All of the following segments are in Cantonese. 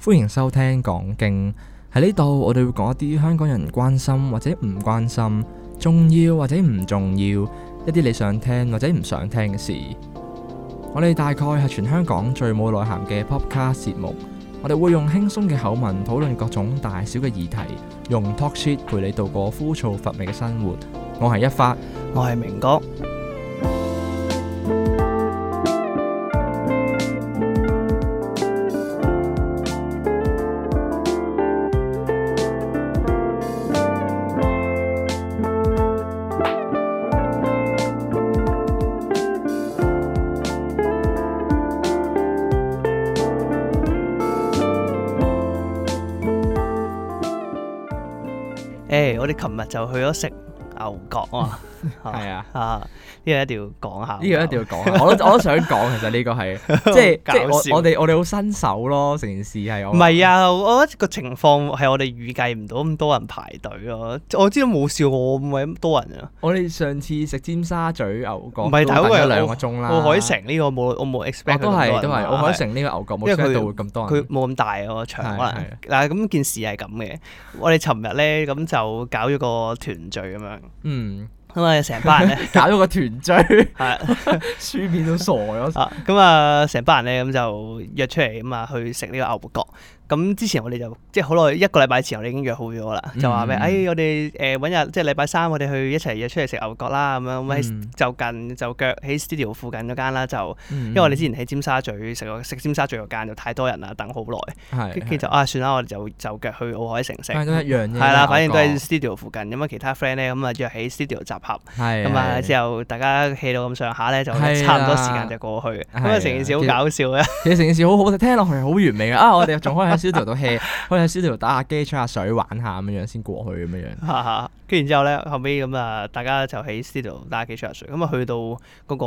歡迎收聽講經喺呢度，我哋會講一啲香港人關心或者唔關心，重要或者唔重要，一啲你想聽或者唔想聽嘅事。我哋大概係全香港最冇內涵嘅 popcast 節目，我哋會用輕鬆嘅口吻討論各種大小嘅議題，用 talk shit 陪你度過枯燥乏味嘅生活。我係一發，我係明哥。就去咗食。啊！呢個一定要講下，呢個一定要講下。我都我都想講，其實呢個係即係搞笑，我哋我哋好新手咯，成件事係我唔係啊！我覺得個情況係我哋預計唔到咁多人排隊咯。我知道冇笑，我唔咁多人啊！我哋上次食尖沙咀牛角唔係頭有兩個鐘啦。奧海城呢個冇我冇 expect，都係都係海城呢個牛角冇咁多，佢冇咁大個場可能。但係咁件事係咁嘅。我哋尋日咧咁就搞咗個團聚咁樣。嗯。咁啊，成班人咧搞咗個團聚，係書面都傻咗。咁啊，成班人咧咁就約出嚟，咁啊去食呢個牛角。咁之前我哋就即係好耐一個禮拜前，我哋已經約好咗啦，就話咩？誒，我哋誒揾日即係禮拜三，我哋去一齊約出嚟食牛角啦，咁樣咁喺就近就腳喺 Studio 附近嗰間啦，就因為我哋之前喺尖沙咀食個食尖沙咀嗰間就太多人啦，等好耐。跟住就啊，算啦，我哋就就腳去澳海城食。係都一樣嘢。係啦，反正都喺 Studio 附近。咁啊，其他 friend 咧咁啊約喺 Studio 集合。咁啊，之後大家企到咁上下咧，就差唔多時間就過去。係。咁啊，成件事好搞笑嘅。其實成件事好好嘅，聽落去，好完美啊！我哋仲可 studio 都 hea，可以喺 studio 打下機、吹下水、玩下咁樣樣，先過去咁樣樣。哈哈跟住然之後咧，後尾咁啊，大家就喺 studio 打機吹水。咁啊，去到嗰、那個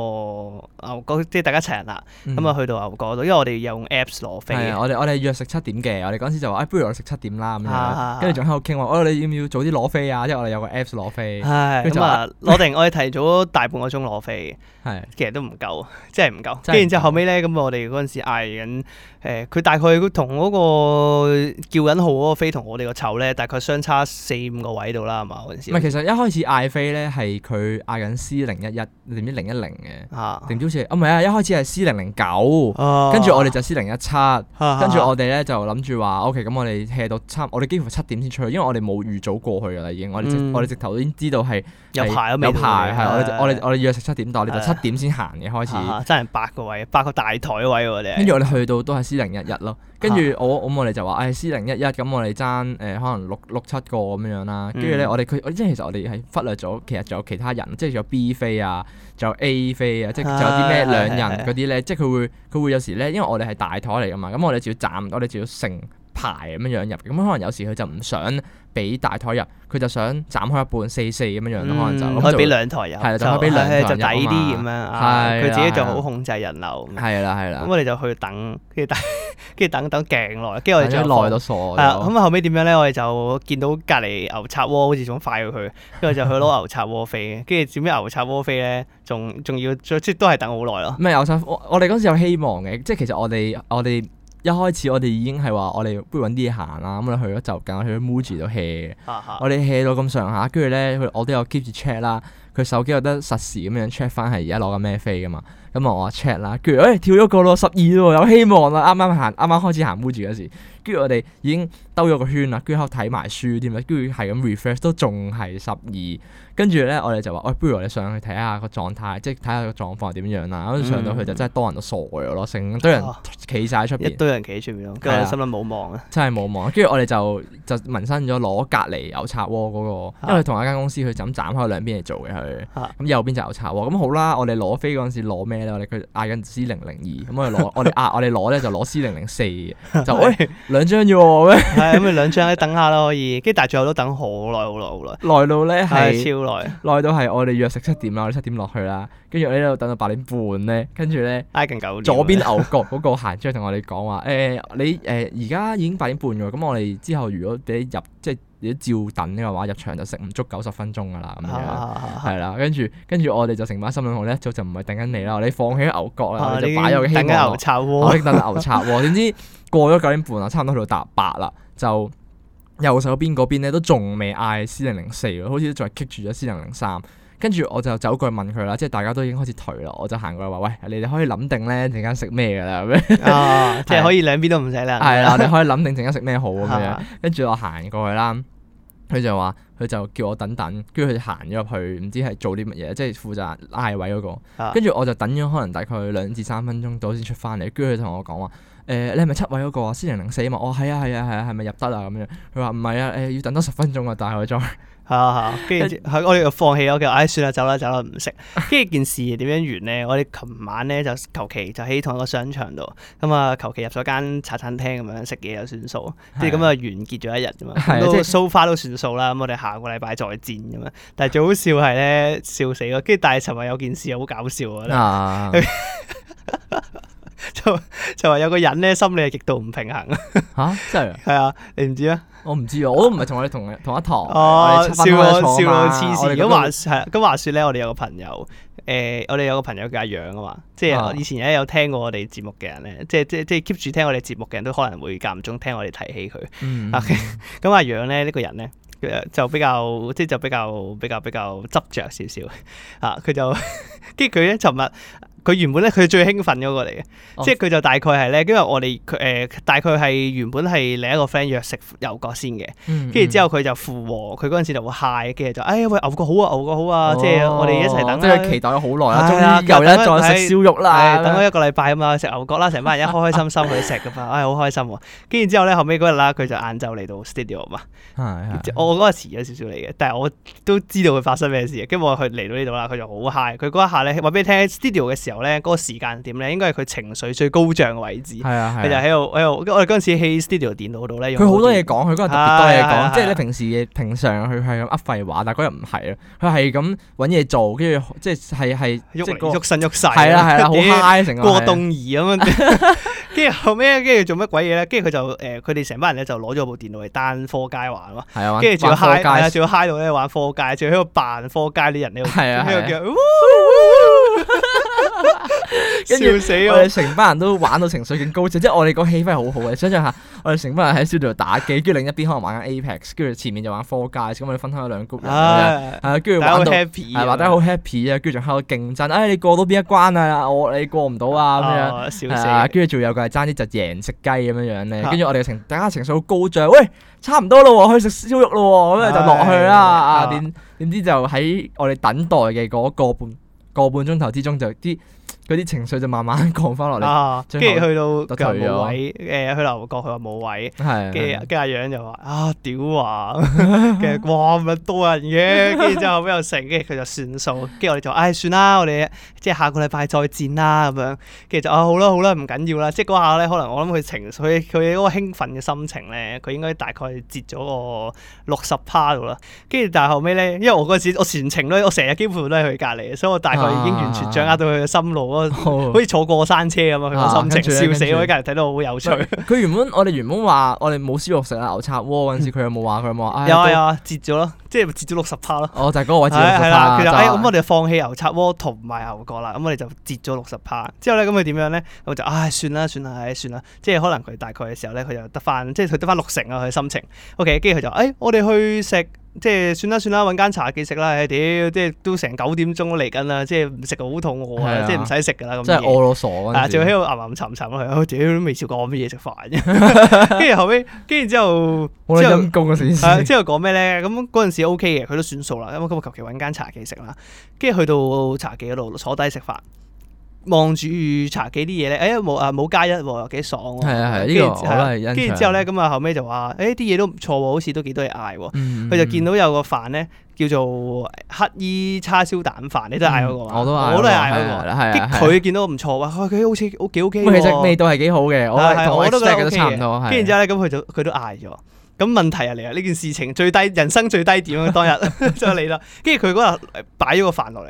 牛角、呃，即係大家一齊人啦。咁啊、嗯，去到牛角度，因為我哋用 Apps 攞飛。我哋我哋約食七點嘅。我哋嗰陣時就話、哎、不如我哋食七點啦。咁樣，跟住仲喺度傾話，我、哎、你要唔要早啲攞飛啊？因為我哋有個 Apps 攞飛。係、哎。咁、嗯、啊，攞定，我哋提早大半個鐘攞飛嘅。 其實都唔夠，即係唔夠。跟住然之後後尾咧，咁我哋嗰陣時嗌緊，誒、呃，佢大概同嗰個叫緊號嗰個飛同我哋個籌咧，大概相差四五個位度啦，係嘛？唔係，其實一開始嗌飛咧係佢嗌緊 C 零一一，點知零一零嘅，點知好似，唔係啊，一開始係 C 零零九，跟住我哋就 C 零一七，跟住我哋咧就諗住話，O K，咁我哋 h 到差，我哋幾乎七點先出去，因為我哋冇預早過去啦已經，我哋我哋直頭已經知道係有排有排，係我哋我哋我約食七點，我哋就七點先行嘅開始，真係八個位，八個大台位喎，你，跟住我哋去到都係 C 零一一咯。跟住我我、哎、11，我哋就話，唉 C 零一一，咁我哋爭誒可能六六七個咁樣啦，跟住咧我哋佢，即係、嗯、其實我哋係忽略咗，其實仲有其他人，即係仲有 B 飛啊，仲有 A 飛啊，即係仲有啲咩兩人嗰啲咧，即係佢會佢會有時咧，因為我哋係大台嚟噶嘛，咁我哋就要站，我哋就要成。排咁樣樣入，咁可能有時佢就唔想俾大台入，佢就想斬開一半四四咁樣樣可能就可以俾兩台入，係啦，就俾兩台入嘛，就抵啲咁樣啊，佢自己就好控制人流。係啦係啦，咁我哋就去等，跟住等，跟住等等勁耐，跟住我哋等耐到傻。咁後尾點樣咧？我哋就見到隔籬牛叉鍋好似想快過佢，跟住就去攞牛叉鍋飛，跟住點知牛叉鍋飛咧，仲仲要即都係等好耐咯。咩？我想，我哋嗰時有希望嘅，即係其實我哋我哋。一開始我哋已經係話我哋不如揾啲嘢行啦，咁你去咗就近去咗 Muji 度 hea，我哋 hea 到咁上下，跟住咧我都有 keep 住 check 啦，佢手機有得實時咁樣 check 翻係而家攞緊咩飛噶嘛，咁啊我話 check 啦，跟住誒跳咗個咯十二咯，有希望啦，啱啱行啱啱開始行 Muji 嗰時。跟住我哋已經兜咗個圈啦，跟住睇埋書添啦，跟住係咁 refresh 都仲係十二。跟住咧，我哋就話，我、哎、不如我哋上去睇下個狀態，即係睇下個狀況係點樣啦。跟住、嗯、上到去就真係多人都傻咗咯，成堆人企曬出邊，一堆人企出邊咯。跟住我心諗冇望啊，真係冇望。跟住我哋就就紋身咗攞隔離有拆鍋嗰個，因為同一間公司佢就咁斬開兩邊嚟做嘅佢。咁、啊、右邊就有拆鍋，咁、嗯、好啦。我哋攞飛嗰陣時攞咩咧？我哋佢嗌緊 C 零零二，咁、 啊、我哋攞我哋亞我哋攞咧就攞 C 零零四，就 兩張要喎咩？係咁咪兩張咧，等下咯可以。跟住但係最後都等好耐，好耐，好耐。 耐 到咧係超耐。耐到係我哋約食七點啦，我哋七點落去啦。跟住我呢度等到八點半咧，跟住咧。挨近九年九點。左邊牛角嗰個行 出去同我哋講話，誒、呃、你誒而家已經八點半喎。咁我哋之後如果俾你入即係。照等呢個話入場就食唔足九十分鐘噶啦，咁樣係啦，跟住跟住我哋就成班心領號咧，就就唔係等緊你啦，你放棄牛角啦，就擺咗嘅希望啦，等緊牛叉喎，等緊牛叉喎，點知過咗九點半啊，差唔多去到搭八啦，就右手邊嗰邊咧都仲未嗌 C 零零四，好似仲係棘住咗 C 零零三，跟住我就走過去問佢啦，即係大家都已經開始退啦，我就行過去話喂，你哋可以諗定咧陣間食咩噶啦，即係可以兩邊都唔使啦，係啦，你可以諗定陣間食咩好咁樣，跟住我行過去啦。佢就話：佢就叫我等等，跟住佢就行咗入去，唔知係做啲乜嘢，即係負責拉位嗰、那個。跟住、啊、我就等咗可能大概兩至三分鐘到先出翻嚟，跟住佢同我講話：誒、呃，你係咪七位嗰個啊？C 零零四嘛？我係啊係啊係啊，係咪、啊啊、入得啊？咁、呃、樣，佢話唔係啊，誒要等多十分鐘啊，但係再。係 啊，跟住我哋就放棄咗嘅，唉、哎，算啦，走啦走啦，唔食。跟住件事點樣完咧？我哋琴晚咧就求其就喺同一個商場度，咁啊求其入咗間茶餐廳咁樣食嘢就算數，即係咁啊完結咗一日咁啊，都 so far 都算數啦。咁我哋下個禮拜再戰咁樣。但係最好笑係咧，笑死咯。跟住但係尋日有件事好搞笑。啊。 就就話有個人咧，心理係極度唔平衡吓、啊，真係係 啊，你唔知啊？我唔知，啊，我都唔係同我哋同同一堂。啊、我笑到笑到痴線咁話係咁話說咧，說我哋有個朋友誒、呃，我哋有個朋友叫阿羊啊嘛，即係以前有有聽過我哋節目嘅人咧，啊、即係即係即係 keep 住聽我哋節目嘅人都可能會間中聽我哋提起佢。咁、嗯嗯啊、阿羊咧呢、這個人咧，就比較即係就是、比較比較比較執着少少啊！佢就跟住佢咧，尋日。佢原本咧，佢最興奮嗰個嚟嘅，oh. 即係佢就大概係咧，因為我哋誒、呃、大概係原本係另一個 friend 約食牛角先嘅，跟住之後佢就附和，佢嗰陣時就會 high 跟住就哎喂牛角好啊牛角好啊，好啊 oh. 即係我哋一齊等，即期待咗好耐啦，終於、啊、又一再食燒肉啦，等咗一個禮拜啊嘛，食牛角啦，成班人一開開心心去食嘅嘛，哎好開心，跟住之後咧後尾嗰日啦，佢就晏晝嚟到 studio 嘛，我嗰日遲咗少少嚟嘅，但係我都知道佢發生咩事，跟住我去嚟到呢度啦，佢就好嗨。」佢嗰一下咧話俾你聽 studio 嘅時由咧嗰個時間點咧，應該係佢情緒最高漲嘅位置。係啊，佢就喺度，喺度，我哋嗰陣時喺 studio 電腦度咧。佢好多嘢講，佢嗰日特別多嘢講，即係平時嘅平常，佢係咁噏廢話，但係嗰日唔係啊，佢係咁揾嘢做，跟住即係係喐喐身喐曬。係啊係啊，好 high，過動兒咁樣。跟住後尾，跟住做乜鬼嘢咧？跟住佢就誒，佢哋成班人咧就攞咗部電腦嚟單科街玩啊。係啊，跟住仲 high，仲要嗨到咧玩科街，仲要喺度扮科街啲人咧。係啊，喺度叫。跟住死我哋成班人都玩到情緒勁高漲， 即係我哋個氣氛係好好嘅。想象下我，我哋成班人喺 studio 打機，跟住另一邊可能玩緊 Apex，跟住前面就玩 Fall Guys，咁我哋分開兩 group 跟住玩 p 咁樣，p 跟住玩到好很 happy 啊，跟住仲喺度競爭。哎，你過到邊一關啊？我你過唔到啊？咁樣笑死，啊。跟住仲有嘅係爭啲就贏食雞咁樣樣咧。跟住我哋情、啊、大家情緒好高漲，喂，差唔多咯，可以食燒肉咯，咁、啊啊、就落去啦。點點知就喺我哋等待嘅嗰個，個半個半鐘頭之中就，就啲。嗰啲情緒就慢慢降翻落嚟，跟住、啊、去到又冇位，誒、呃、去牛角佢話冇位，跟住阿羊就話啊屌啊，其實哇咪多人嘅，跟住之後後尾又成，跟住佢就算數，跟住、哎、我哋就唉算、啊、啦，我哋即係下個禮拜再戰啦咁樣，跟住就啊好啦好啦唔緊要啦，即係嗰下咧可能我諗佢情緒佢嗰個興奮嘅心情咧，佢應該大概跌咗個六十趴度啦，跟住但係後尾咧，因為我嗰時我全程咧，我成日幾乎都喺佢隔籬，所以我大概已經完全掌握到佢嘅心、啊。路嗰好似坐過山車咁啊！佢個心情笑死我，隔日睇到好有趣。佢原本我哋原本話我哋冇燒肉食牛叉鍋嗰陣時，佢有冇話佢有冇話？有啊，折咗咯，即係折咗六十 percent 咯。哦，就係嗰個位置六十 percent。佢就哎，咁我哋放棄牛叉鍋同埋牛角啦。咁我哋就折咗六十 percent。之後咧，咁佢點樣咧？咁就唉，算啦算啦，唉，算啦。即係可能佢大概嘅時候咧，佢就得翻，即係佢得翻六成啊。佢心情 OK。跟住佢就哎，我哋去食。即係算啦算啦，搵間茶記食啦。屌、哎，即係都成九點鐘嚟緊啦，即係唔食到好肚餓啊，即係唔使食噶啦。咁真係餓到傻。啊，仲喺度吟吟沉沉落去。屌、哎，都未試過我乜嘢食飯。跟住後尾，跟住之後，之後陰功講咩咧？咁嗰陣時 O K 嘅，佢都算數啦。咁我求其搵間茶記食啦。跟住去到茶記嗰度坐低食飯。望住茶几啲嘢咧，哎冇啊冇加一，幾爽。係啊係，呢個我都係。跟住之後咧，咁啊後尾就話，誒啲嘢都唔錯，好似都幾多人嗌。佢就見到有個飯咧，叫做乞衣叉燒蛋飯，你都嗌個，我都嗌。我都嗌嗰個。即佢見到唔錯，佢佢好似好幾 OK 嘅。其實味道係幾好嘅，我都覺得差唔多。跟住之後咧，咁佢就佢都嗌咗。咁問題啊嚟啊，呢件事情最低人生最低點啊，當日就嚟啦。跟住佢嗰日擺咗個飯落嚟。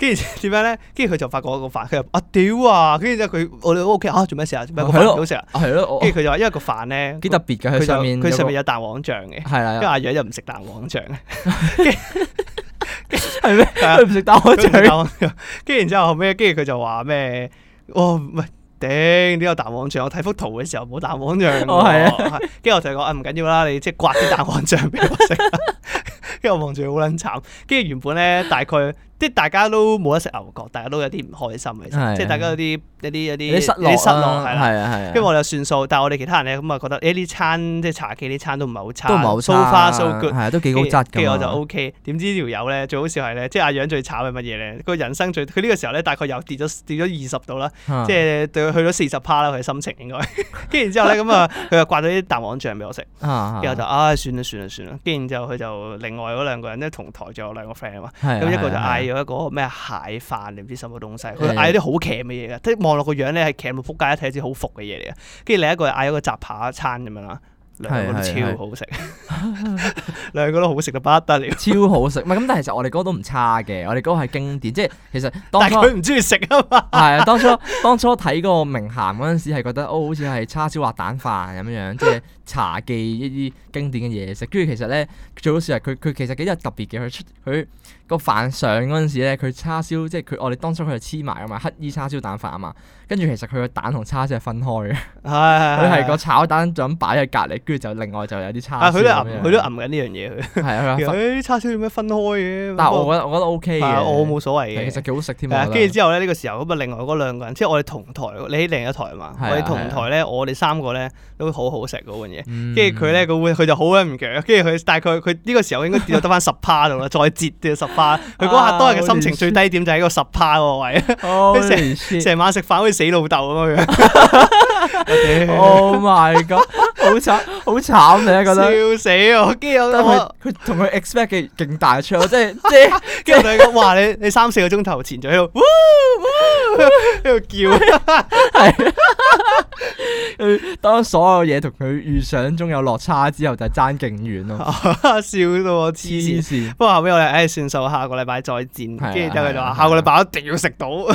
跟住點樣咧？跟住佢就發覺個飯，佢話：啊屌啊！跟住之後佢我哋屋企啊，做咩事啊？做咩？飯唔好食啊！係咯，跟住佢就話因為個飯咧幾特別嘅，佢上面，佢上面有蛋黃醬嘅。係啦，阿羊又唔食蛋黃醬嘅，係咩？佢唔食蛋黃醬。跟住然之後後尾跟住佢就話咩？哦，唔係，頂呢個蛋黃醬？我睇幅圖嘅時候冇蛋黃醬。係跟住我就講啊，唔緊要啦，你即係刮啲蛋黃醬俾我食。跟住我望住好卵慘。跟住原本咧，大概。即係大家都冇得食牛角，大家都有啲唔開心嘅，即係大家有啲有啲有啲失落，係啦，係啊，係啊。跟住我哋又算數，但係我哋其他人咧咁啊覺得，誒呢餐即係茶記呢餐都唔係好差，都唔係好差，係啊，都幾高質咁。跟住我就 O K。點知條友咧最好笑係咧，即係阿樣最慘係乜嘢咧？個人生最佢呢個時候咧大概又跌咗跌咗二十度啦，即係對佢去咗四十趴啦，佢心情應該。跟住然之後咧咁啊，佢又刮咗啲蛋黃醬俾我食，跟住我就啊算啦算啦算啦。跟住就佢就另外嗰兩個人咧同台仲有兩個 friend 啊嘛，咁一個就嗌。有一個咩蟹飯定唔知什麼東西，佢嗌啲好騎嘅嘢嘅，即望落個樣咧係騎到仆街，一睇知好服嘅嘢嚟嘅。跟住另一個嗌一個雜扒一餐咁樣啦，兩個都超好食，兩個都好食到不得了，超好食。咁，但係其實我哋嗰個都唔差嘅，我哋嗰個係經典，即係其實當初 但佢唔中意食啊嘛。係 啊，當初當初睇個名銜嗰陣時係覺得哦，好似係叉燒滑蛋飯咁樣，即係茶記一啲經典嘅嘢食。跟住 其實咧，最好笑係佢佢其實幾日特別嘅，佢出佢。個飯上嗰陣時咧，佢叉燒即係佢，我哋當初佢係黐埋噶嘛，乞衣叉燒蛋飯啊嘛，跟住其實佢個蛋同叉燒係分開嘅，佢係個炒蛋就咁擺喺隔離，跟住就另外就有啲叉燒佢都揞，佢都揞緊呢樣嘢佢。叉燒點解分開嘅？但我覺得我覺得 OK 我冇所謂嘅，其實幾好食添。跟住之後呢，呢個時候咁啊，另外嗰兩個人，即係我哋同台，你喺另一台啊嘛，我哋同台咧，我哋三個咧都好好食嗰樣嘢，跟住佢咧個會佢就好鬼唔夾，跟住佢大概佢呢個時候應該跌到得翻十趴度啦，再折跌十。佢嗰下當日嘅心情最低點就喺個十趴位，成成晚食飯好似死老豆咁樣。Oh my God，好慘好慘，你覺得？笑死我！跟住我佢佢同佢 expect 嘅勁大出嚟，我真即係跟住我哋講話，你你三四個鐘頭前就喺度。喺度 叫，係 當所有嘢同佢預想中有落差之後，就爭勁遠咯，笑到我痴線。 不過後尾我哋誒、哎、算數，下個禮拜再戰。跟住之後佢就話、啊啊、下個禮拜一定要食到，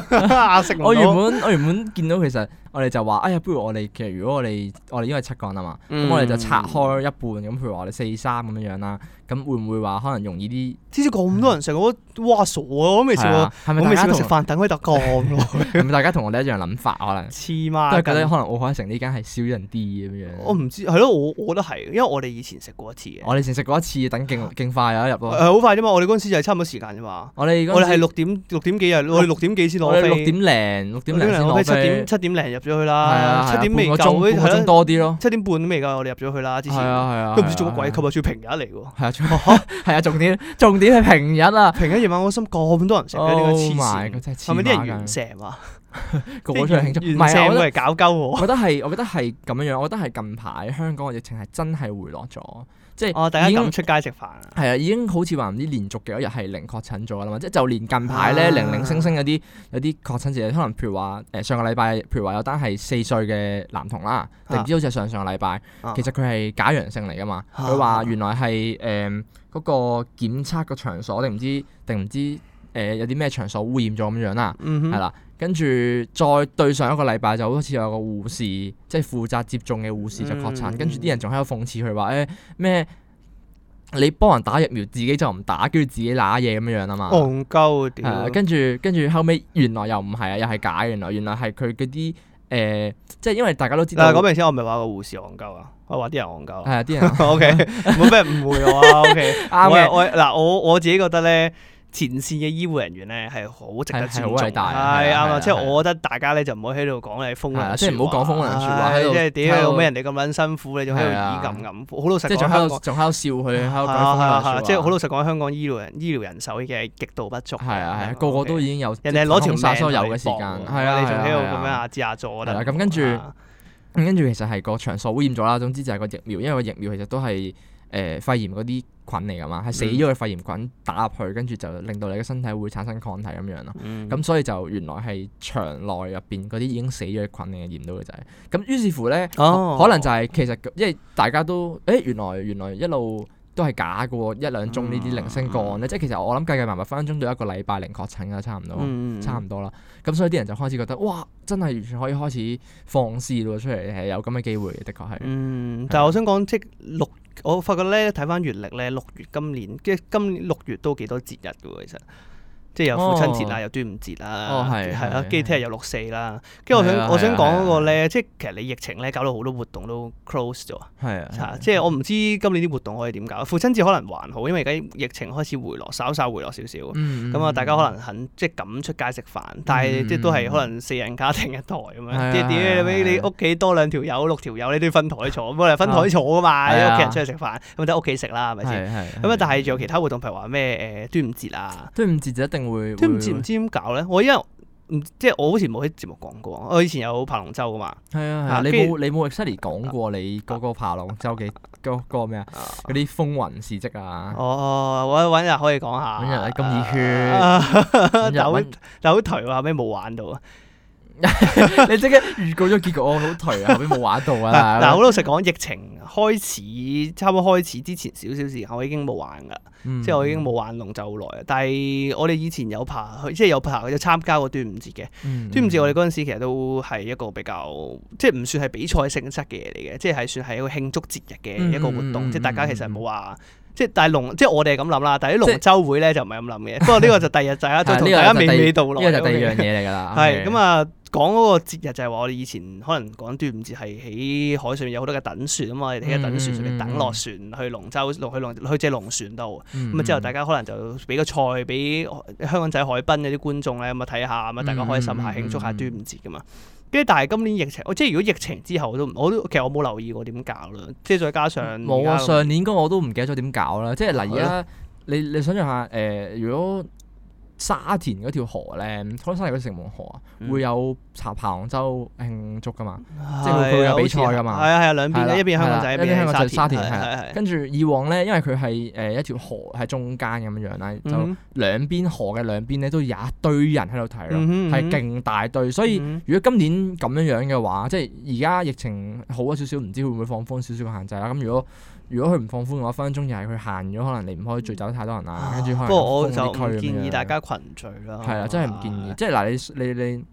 食 到 我原本, 我原本,我原本見到其實。我哋就話，哎呀，不如我哋其實如果我哋我哋因為七個人啊嘛，咁我哋就拆開一半，咁譬如話我哋四三咁樣樣啦，咁會唔會話可能容易啲？點知咁多人食，我哇傻啊！我未食過，我未食飯等佢特降咯？大家同我哋一樣諗法可能？黐孖筋，都係覺得可能奧海城呢間係少人啲咁樣。我唔知係咯，我我覺得係，因為我哋以前食過一次，我哋以前食過一次，等勁勁快啊入咯。係好快啫嘛！我哋嗰陣時就係差唔多時間啫嘛。我哋我哋係六點六點幾入，我哋六點幾先攞飛，我哋六點零六點零七點七點零咗去啦，七點未夠，多啲咯。七點半都未夠？我哋入咗去啦，之前係啊係啊，都唔知做乜鬼，今日仲平日嚟喎。係啊，仲係啊，重點重點係平日啊！平日夜晚我心咁多人食，呢個黐線，係咪啲人完蛇啊？啲人慶祝唔係啊，我覺得係，我覺得係咁樣樣，我覺得係近排香港嘅疫情係真係回落咗。即係，已經、哦、大家咁出街食飯啦。係啊，已經好似話唔知連續幾多日係零確診咗啦嘛。即係就連近排咧、啊、零零星星嗰啲有啲確診者，可能譬如話誒、呃、上個禮拜，譬如話有單係四歲嘅男童啦，定唔知好似上上個禮拜，啊、其實佢係假陽性嚟㗎嘛。佢話、啊、原來係誒嗰個檢測個場所定唔知定唔知。誒、呃，有啲咩場所污染咗咁樣啦，係啦、嗯哼，跟住再對上一個禮拜就好似有個護士，即係負責接種嘅護士就確診，跟住啲人仲喺度諷刺佢話誒咩，你幫人打疫苗自己就唔打，跟住自己攋嘢咁樣樣啊嘛，戇鳩、嗯，係、嗯，跟住跟住後屘原來又唔係啊，又係假，原來原來係佢嗰啲誒，即係因為大家都知道嗱，嗰名先我唔係話個護士戇鳩啊，我話啲人戇鳩，係啲人，O K，冇咩誤會我 o、okay、K， 我嗱我我，我，我自己覺得咧。前線嘅醫護人員咧係好值得尊重，係啱啊！即係我覺得大家咧就唔好喺度講你風涼即係唔好講風涼說話。即係點解有咩人哋咁樣辛苦你仲喺度耳撳撳，好老實講。即係仲喺度笑佢，即係好老實講，香港醫療人醫療人手嘅極度不足。係啊，係啊，個個都已經有人哋攞條晒所有嘅時間，係啊，你仲喺度咁樣阿支阿助啊！咁跟住，咁跟住其實係個場所污染咗啦。總之就係個疫苗，因為個疫苗其實都係。誒、呃、肺炎嗰啲菌嚟㗎嘛，係死咗嘅肺炎菌打入去，跟住就令到你嘅身體會產生抗體咁樣咯。咁、嗯、所以就原來係腸內入邊嗰啲已經死咗嘅菌，菌、就是，驗到嘅就係咁。於是乎咧、哦，可能就係其實因為大家都誒、欸、原來原來一路都係假嘅一兩宗呢啲零星個案咧，嗯、即係其實我諗計計埋埋分分鐘到一個禮拜零確診嘅差唔多，嗯、差唔多啦。咁所以啲人就開始覺得哇，真係完全可以開始放肆喎，出嚟係有咁嘅機會嘅，的確係。嗯、但係我想講即六。我發覺咧，睇翻月曆咧，六月今年即係今年六月都幾多節日嘅喎，其實。即係有父親節啊，有端午節啊，係啊，跟住聽日有六四啦。跟住我想我想講嗰個咧，即係其實你疫情咧搞到好多活動都 close 咗啊。係啊，即係我唔知今年啲活動可以點搞。父親節可能還好，因為而家疫情開始回落，稍稍回落少少。咁啊，大家可能肯即係咁出街食飯，但係即都係可能四人家庭一台咁樣。係啊。即係點你屋企多兩條友、六條友，你都要分台坐，咁咪分台坐啊嘛？你屋企人出去食飯，咁咪喺屋企食啦，係咪先？咁但係仲有其他活動，譬如話咩誒端午節啊？端午節就一定。都唔會知唔知點搞咧，我因為唔即係我好似冇喺節目講過，我以前有爬龍舟噶嘛。係啊，啊啊你冇后你冇 exactly 講過你嗰個爬龍舟嘅嗰個咩啊？嗰啲風雲事蹟啊。哦，一揾日可以講下。揾日咁熱血。揾日揾，人但好頹喎，後尾冇玩到啊。 你即刻預 告咗結局，我好頹啊！後屘冇玩到啊！嗱， 好老實講，疫情開始，差唔多開始之前少少時間，我已經冇玩噶啦，嗯、即係我已經冇玩龍舟好耐喇。但係我哋以前有爬，即係有爬，有參加過端午節嘅。端午、嗯、節我哋嗰陣時其實都係一個比較，即係唔算係比賽性質嘅嘢嚟嘅，即係算係一個慶祝節日嘅一個活動，嗯嗯、即係大家其實冇話。即係，但係龍即係我哋係咁諗啦，但係啲龍舟會咧即就唔係咁諗嘅。 不過呢個就第日都大家係同大家娓娓道來，就第二樣嘢嚟㗎啦。係咁 okay?、okay? 啊，講嗰個節日就係話我哋以前可能講端午節係喺海上面有好多嘅等船啊嘛，嗯、我哋喺等船上面等落船去龍舟，去龍、嗯嗯、去隻龍船度。咁啊、嗯、之後大家可能就俾個菜俾香港仔海濱嗰啲觀眾咧咁啊睇下，咁啊大家開心下、嗯、慶祝下端午節㗎嘛。跟住，但係今年疫情，哦、即係如果疫情之後我，我都我都其實我冇留意過點搞啦。即係再加上冇啊，上年嗰個我都唔記得咗點搞啦。的即係嗱，而家的你你想像下誒、呃，如果～沙田嗰條河咧，康山嚟條城門河啊，會有查排龍舟慶祝噶嘛，即係佢會有比賽噶嘛，係啊係啊，兩邊咧，一邊香港仔，一邊香港就沙田係。跟住以往咧，因為佢係誒一條河喺中間咁樣啦，就兩邊河嘅兩邊咧都有一堆人喺度睇咯，係勁大堆，所以如果今年咁樣樣嘅話，即係而家疫情好咗少少，唔知會唔會放寬少少嘅限制啦。咁如果如果佢唔放寬嘅話，分分鐘又係佢限咗，可能你唔可以聚集太多人啊。不過我就建議大家。群聚咯，係啦，真係唔建議。即係嗱，你你你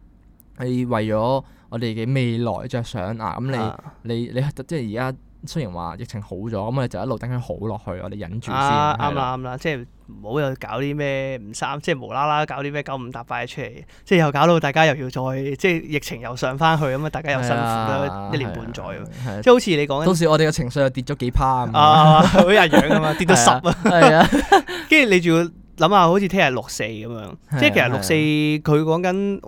你為咗我哋嘅未來着想啊，咁你你你即係而家雖然話疫情好咗，咁啊就一路等佢好落去，我哋忍住先。啱啦，啱啦，即係唔好又搞啲咩唔三，即係無啦啦搞啲咩九五搭八嘅出嚟，即係又搞到大家又要再即係疫情又上翻去，咁啊大家又辛苦咗一年半載。即係好似你講嘅，到時我哋嘅情緒又跌咗幾趴啊，好日樣啊嘛，跌到十啊，跟住你仲要。諗下，好似聽日六四咁樣，即係其實六四佢講緊，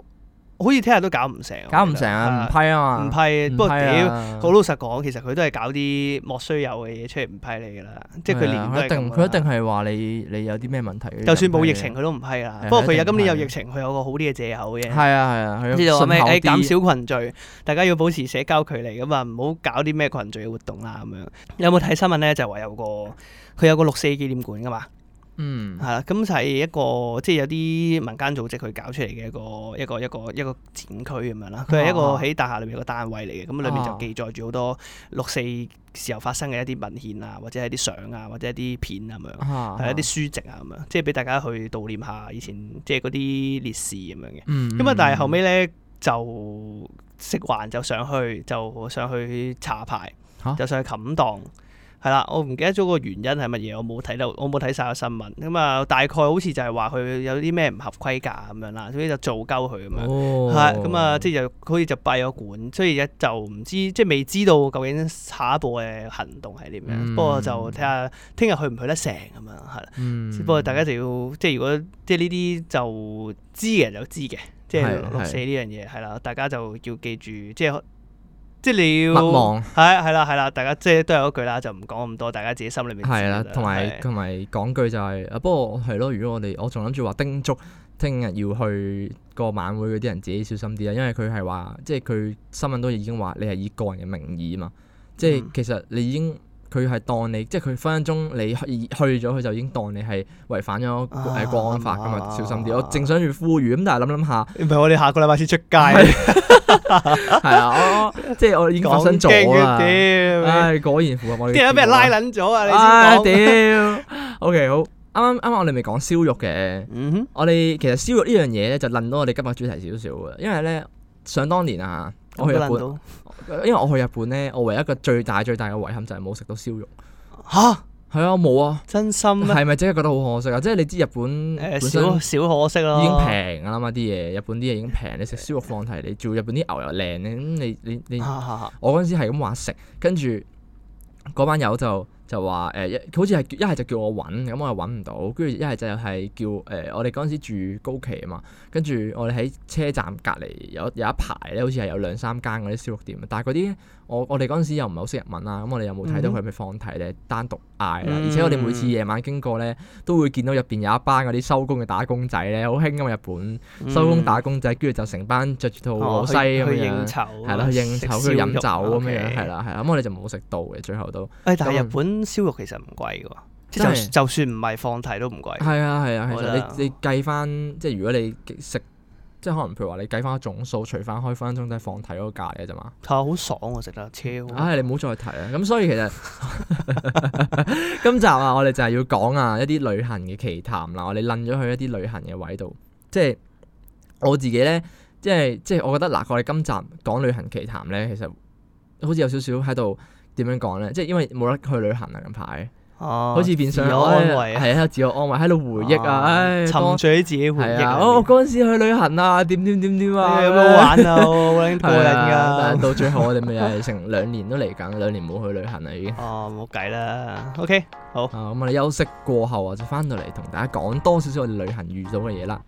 好似聽日都搞唔成，搞唔成啊，唔批啊嘛，唔批。不過屌，好老實講，其實佢都係搞啲莫須有嘅嘢出嚟，唔批你噶啦。即係佢連佢一定係話你，你有啲咩問題？就算冇疫情，佢都唔批啦。不過佢有今年有疫情，佢有個好啲嘅藉口嘅。係啊係啊，知道咩？誒減少群聚，大家要保持社交距離咁啊，唔好搞啲咩群聚嘅活動啦咁樣。有冇睇新聞呢？就話有個佢有個六四紀念館噶嘛。嗯，係啦，咁就係一個即係、就是、有啲民間組織佢搞出嚟嘅一個一個一個一個展區咁樣啦。佢係一個喺大廈裏面個單位嚟嘅，咁裏、啊、面就記載住好多六四時候發生嘅一啲文獻啊，或者係啲相啊，或者一啲片咁樣，係一啲書籍啊咁樣，即係俾大家去悼念下以前即係嗰啲烈士咁樣嘅。咁啊、嗯，嗯、但係後尾咧就食環就上去就上去查牌，啊、就上去冚檔。係啦，我唔記得咗個原因係乜嘢，我冇睇到，我冇睇晒個新聞。咁、嗯、啊，大概好似就係話佢有啲咩唔合規格咁樣啦，所以就做鳩佢咁樣。係咁啊，即係就好似就閉咗館，所以就唔知，即係未知道究竟下一步嘅行動係點樣。不過就睇下啦，聽日去唔去得成咁樣。係啦，不過大家就要即係如果即係呢啲就知嘅就知嘅，即係六四呢樣嘢係啦，大家就要記住即係。即係你要，係係啦係啦，大家即係都係嗰句啦，就唔講咁多，大家自己心裏面知啦。係啦，同埋同埋講句就係、係啊，不過係咯，如果我哋我仲諗住話叮囑聽日要去個晚會嗰啲人自己小心啲啦，因為佢係話，即係佢新聞都已經話你係以個人嘅名義嘛，即係其實你已經。嗯佢係當你，即係佢分分鐘你去咗，佢就已經當你係違反咗誒國安法噶嘛，小心啲。我正想要呼籲，咁但係諗諗下，唔係我哋下個禮拜先出街。係啊，我即係我依家講緊驚啊！天，果然符合我哋。點解俾人拉撚咗啊？你先講。屌，OK 好。啱啱啱啱，我哋未講燒肉嘅。嗯哼，我哋其實燒肉呢樣嘢咧，就論到我哋今日主題少少嘅，因為咧，想當年啊，我去日本。因為我去日本咧，我唯一一個最大最大嘅遺憾就係冇食到燒肉。吓，係啊，冇啊，真心。係咪真係覺得好可惜啊？即係你知日本本身少、呃、少可惜咯，已經平噶啦嘛啲嘢，日本啲嘢已經平， 你食燒肉放題，你做日本啲牛又靚咧，咁你你你，你你 我嗰陣時係咁話食，跟住嗰班友就。就話誒，一、呃、佢好似係一係就叫我揾，咁我又揾唔到，跟住一係就係叫誒、呃，我哋嗰陣時住高奇啊嘛，跟住我哋喺車站隔離有一有一排咧，好似係有兩三間嗰啲燒肉店，但係嗰啲。我我哋嗰陣時又唔係好識日文啦，咁我哋有冇睇到佢係咪放題咧？單獨嗌啦，嗯、而且我哋每次夜晚經過咧，都會見到入邊有一班嗰啲收工嘅打工仔咧，好興啊！日本收工打工仔，跟住、嗯、就成班着住套和西咁樣，係、哦、啦，去應酬，去飲酒咁樣，係啦，係 okay 啦，咁我哋就冇食到嘅，最後都，誒，但係日本燒肉其實唔貴嘅喎，的就就算唔係放題都唔貴。係啊係啊，其實你你計翻即係如果你食。即係可能譬如話，你計翻個總數，除翻開分分鐘都係放題嗰個價嘅啫嘛。係啊，好爽啊，食得超。唉、 啊，你唔好再提啊！咁所以其實 今集啊，我哋就係要講啊一啲旅行嘅奇談啦。我哋楞咗去一啲旅行嘅位度，即係我自己咧，即係即係我覺得嗱，我哋今集講旅行奇談咧，其實好似有少少喺度點樣講咧，即係因為冇得去旅行啊，近排。好似變相有安慰啊，係啊，自我安慰喺度回憶啊，唉，沉醉自己回憶啊，哦，嗰陣時去旅行啊，點點點點啊，有冇玩啊？係啊，但係到最後我哋咪係成兩年都嚟緊，兩年冇去旅行啦已經。哦，冇計啦，OK，好。咁我哋休息過後啊，就翻到嚟同大家講多少少我哋旅行遇到嘅嘢啦。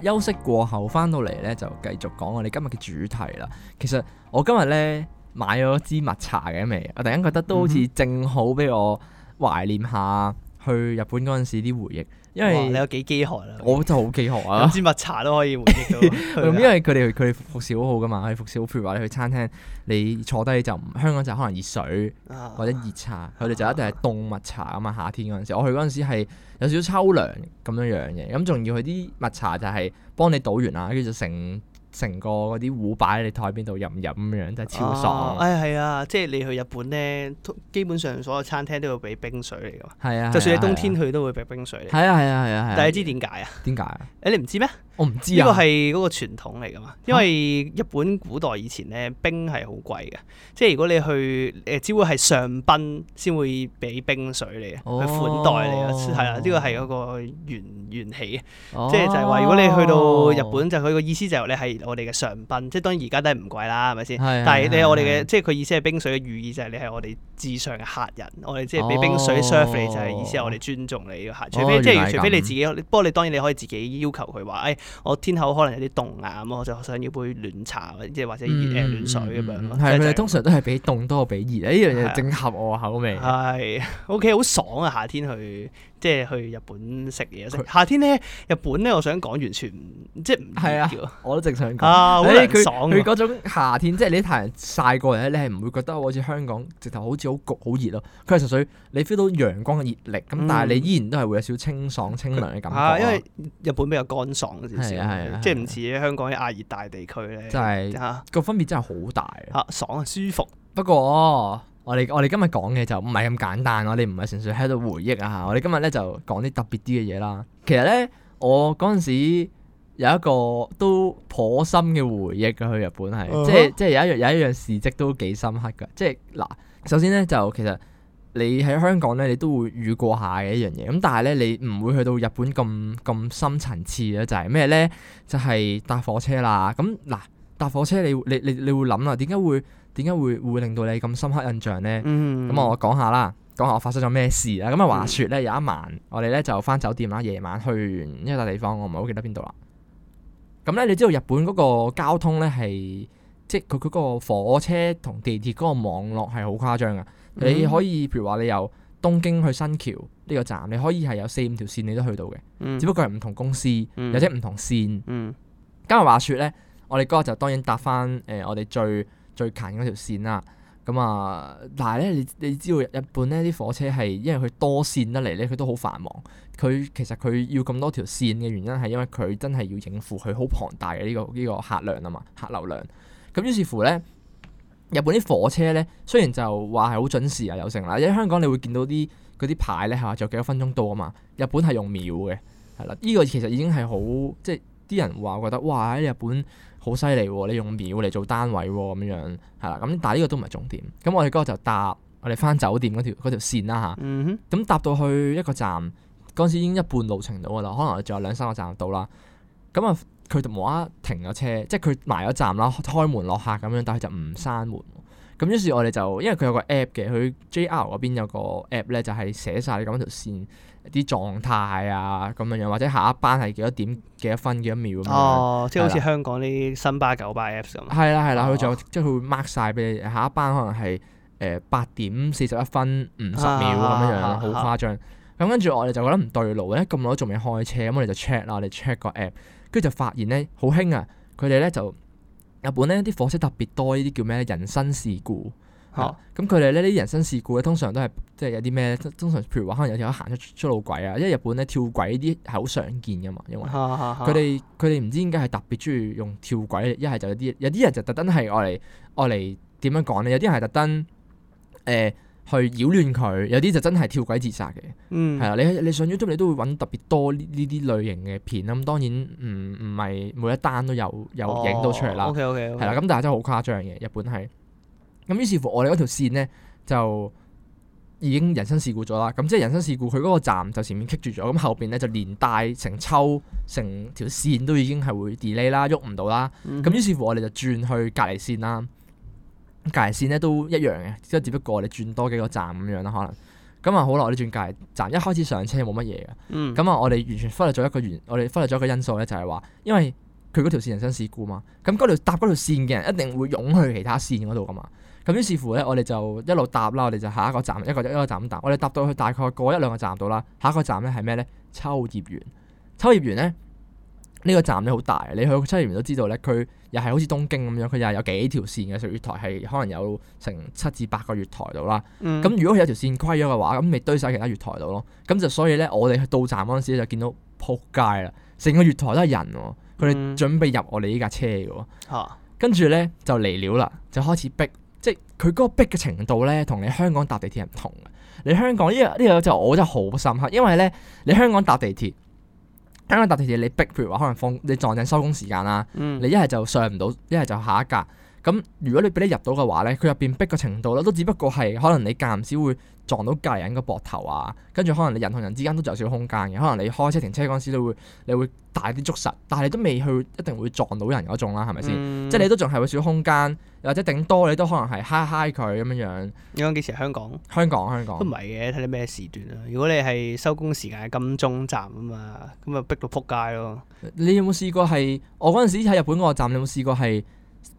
休息過後翻到嚟呢，就繼續講我哋今日嘅主題啦。其實我今日呢買咗支抹茶嘅味，我突然間覺得都好似正好俾我懷念下去日本嗰陣時啲回憶。因為哇！你有幾飢渴啦、啊？我就好飢渴啊！飲支蜜茶都可以滿足到 因為佢哋佢哋服侍好好噶嘛，佢服侍好，譬如話，你去餐廳，你坐低就香港就可能熱水或者熱茶，佢哋、啊、就一定係凍蜜茶啊嘛。夏天嗰陣時，啊、我去嗰陣時係有少少秋涼咁樣樣嘅。咁仲要佢啲蜜茶就係幫你倒完啊，跟住就成。成個嗰啲壺擺喺你台邊度飲飲咁樣，真係超爽啊。哎，係啊，即係你去日本咧，基本上所有餐廳都會俾冰水嚟㗎。係啊，就算你冬天去啊，都會俾冰水嚟。係啊係啊係啊！啊啊啊但係你知點解啊？點解啊？誒你唔知咩？我唔知呢、啊、個係嗰個傳統嚟噶嘛，因為日本古代以前咧，冰係好貴嘅，即係如果你去誒、呃，只會係上賓先會俾冰水你，哦、去款待你啊，係啦，呢、這個係一個源源起即係就係話如果你去到日本，哦、就佢個意思就係你係我哋嘅上賓，即係當然而家都係唔貴啦，係咪先？係係係但係你我哋嘅係即係佢意思係冰水嘅寓意就係你係我哋至上嘅客人，我哋、哦、即係俾冰水 serve 你就係、係、意思係我哋尊重你嚇，除非即係、哦、除非你自己，不過你當然你可以自己要求佢話誒。哎我天口可能有啲凍牙、啊、咁，我就想要杯暖茶，即係或者熱嘅、嗯呃、暖水咁樣咯。係是，吧通常都係比凍多過比，比熱啊！呢樣嘢正合我口味。係，OK，好爽啊！夏天去。即係去日本食嘢食，他夏天咧日本咧，我想講完全即係啊，我都正想講啊好涼爽嘅佢嗰種夏天，即係你太陽曬過嚟咧，你係唔會覺得好似香港直頭好似好焗好熱咯。佢係純粹你 feel 到陽光嘅熱力咁，嗯、但係你依然都係會有少清爽清涼嘅感覺，啊。因為日本比較乾爽少少，即係唔似香港啲亞熱帶地區咧。啊、就係嚇個分別真係好大嚇、啊，爽啊，舒服，不過。我哋我哋今日講嘅就唔係咁簡單，我哋唔係純粹喺度回憶啊！我哋今日咧就講啲特別啲嘅嘢啦。其實咧，我嗰陣時有一個都頗深嘅回憶㗎，去日本係、uh huh.，即係即係有一樣有一樣事蹟都幾深刻嘅。即係嗱，首先咧就其實你喺香港咧，你都會遇過下嘅一樣嘢，咁但係咧，你唔會去到日本咁咁深層次嘅。就係咩咧？就係、係、搭火車啦。咁嗱。搭火車你你你你會諗啦，點解會點解會會令到你咁深刻印象呢？咁、嗯、我講下啦，講下我發生咗咩事啦。咁啊，話說咧，有一晚，我哋咧就翻酒店啦，夜晚去完一個地方，我唔係好記得邊度啦。咁咧，你知道日本嗰個交通咧係，即係佢嗰個火車同地鐵嗰個網絡係好誇張噶。嗯、你可以譬如話你由東京去新橋呢個站，你可以係有四五條線你都去到嘅，嗯、只不過係唔同公司，嗯、有啲唔同線。今日、嗯嗯、話說咧。我哋嗰個就當然搭翻誒、呃、我哋最最近嗰條線啦。咁、嗯、啊，但係咧，你你知道日本咧啲火車係因為佢多線得嚟咧，佢都好繁忙。佢其實佢要咁多條線嘅原因係因為佢真係要應付佢好龐大嘅呢、這個呢、這個客量啊嘛，客流量。咁、嗯、於是乎咧，日本啲火車咧雖然就話係好準時啊，有成啦。因為香港你會見到啲嗰啲牌咧係話仲有幾多分鐘到啊嘛。日本係用秒嘅，係、嗯、啦。呢、這個其實已經係好即係啲人話覺得哇喺日本。好犀利喎！你用秒嚟做單位喎，咁樣係啦。咁但係呢個都唔係重點。咁我哋嗰個就搭我哋翻酒店嗰條嗰條線啦吓，咁、嗯哼嗯、搭到去一個站，嗰陣時已經一半路程到㗎啦，可能仲有兩三個站到啦。咁啊，佢冇啦停咗車，即係佢埋咗站啦，開門落客咁樣，但係就唔閂門。咁於是我就，我哋就因為佢有個 app 嘅，佢 JR 嗰邊有個 app 咧，就係寫晒你咁樣條線。啲狀態啊咁樣樣，或者下一班係幾多點幾多分幾多秒咁、哦、樣。哦，即係好似香港啲新巴九巴 Apps 咁。係啦係啦，佢仲有即係佢會 mark 晒俾你下一班可能係誒八點四十一分五十秒咁、啊、樣樣好、啊、誇張。咁跟住我哋就覺得唔對路咧，咁耐仲未開車，咁我哋就 check 啦，我哋 check，我哋 check 個 App，跟住就發現咧好興啊，佢哋咧就日本咧啲火車特別多呢啲叫咩人身事故。咁佢哋咧，呢啲人身事故咧，通常都係即係有啲咩？通常譬如話，可能有條行出出路軌啊，因為日本咧跳軌呢啲係好常見噶嘛，因為佢哋佢哋唔知點解係特別中意用跳軌，一係就有啲有啲人就特登係愛嚟愛嚟點樣講咧？有啲人係特登誒、呃、去擾亂佢，有啲就真係跳軌自殺嘅、嗯。嗯，係啊，你你上 YouTube 你都會揾特別多呢啲類型嘅片。咁當然唔唔係每一單都有有影到出嚟啦。o 係啦，咁、okay, okay, okay. 但係真係好誇張嘅，日本係。咁於是乎，我哋嗰條線咧就已經人身事故咗啦。咁即係人身事故，佢嗰個站就前面棘住咗，咁後邊咧就連帶成抽成條線都已經係會 delay 啦，喐唔到啦。咁、mm hmm. 於是乎，我哋就轉去隔離線啦。隔離線咧都一樣嘅，即係只不過我哋轉多幾個站咁樣啦，可能。咁啊，好耐我哋轉隔離站，一開始上車冇乜嘢嘅。咁啊、mm，hmm. 我哋完全忽略咗一個原，我哋忽略咗一個因素咧，就係話，因為佢嗰條線人身事故嘛，咁嗰條搭嗰條線嘅人一定會擁去其他線嗰度噶嘛。咁於是乎咧，我哋就一路搭啦。我哋就下一個站，一個一個站咁搭。我哋搭到去大概過一兩個站度啦。下一個站咧係咩咧？秋葉原。秋葉原咧呢、呢個站咧好大。你去秋葉原都知道咧，佢又係好似東京咁樣，佢又係有幾條線嘅月台，係可能有成七至八個月台度啦。嗯。咁如果佢有條線虧咗嘅話，咁咪堆晒其他月台度咯。咁就所以咧，我哋去到站嗰陣時就見到撲街啦，成個月台都係人喎、喔。佢哋、嗯、準備入我哋呢架車嘅喎。嗯、跟住咧就嚟料啦，就開始逼。即係佢嗰個逼嘅程度咧，同你香港搭地鐵係唔同嘅。你香港呢、呢個呢、呢個就我就好深刻，因為咧你香港搭地鐵，香港搭地鐵你逼，譬如話可能放你撞正收工時間啦，嗯、你一係就上唔到，一係就下一格。咁如果你俾你入到嘅話咧，佢入邊逼嘅程度都都只不過係可能你間唔時會，撞到隔人嘅膊頭啊，跟住可能你人同人之間都有少少空間嘅，可能你開車停車嗰時你會你會大啲捉實，但係你都未去，一定會撞到人嗰種啦、啊，係咪先？嗯、即係你都仲係有少少空間，或者頂多你都可能係嗨嗨佢咁樣樣。你講幾時香港？香港？香港，香港都唔係嘅，睇你咩時段啊。如果你係收工時間嘅金鐘站啊嘛，咁啊逼到撲街咯。你有冇試過係？我嗰陣時喺日本個站你有冇試過係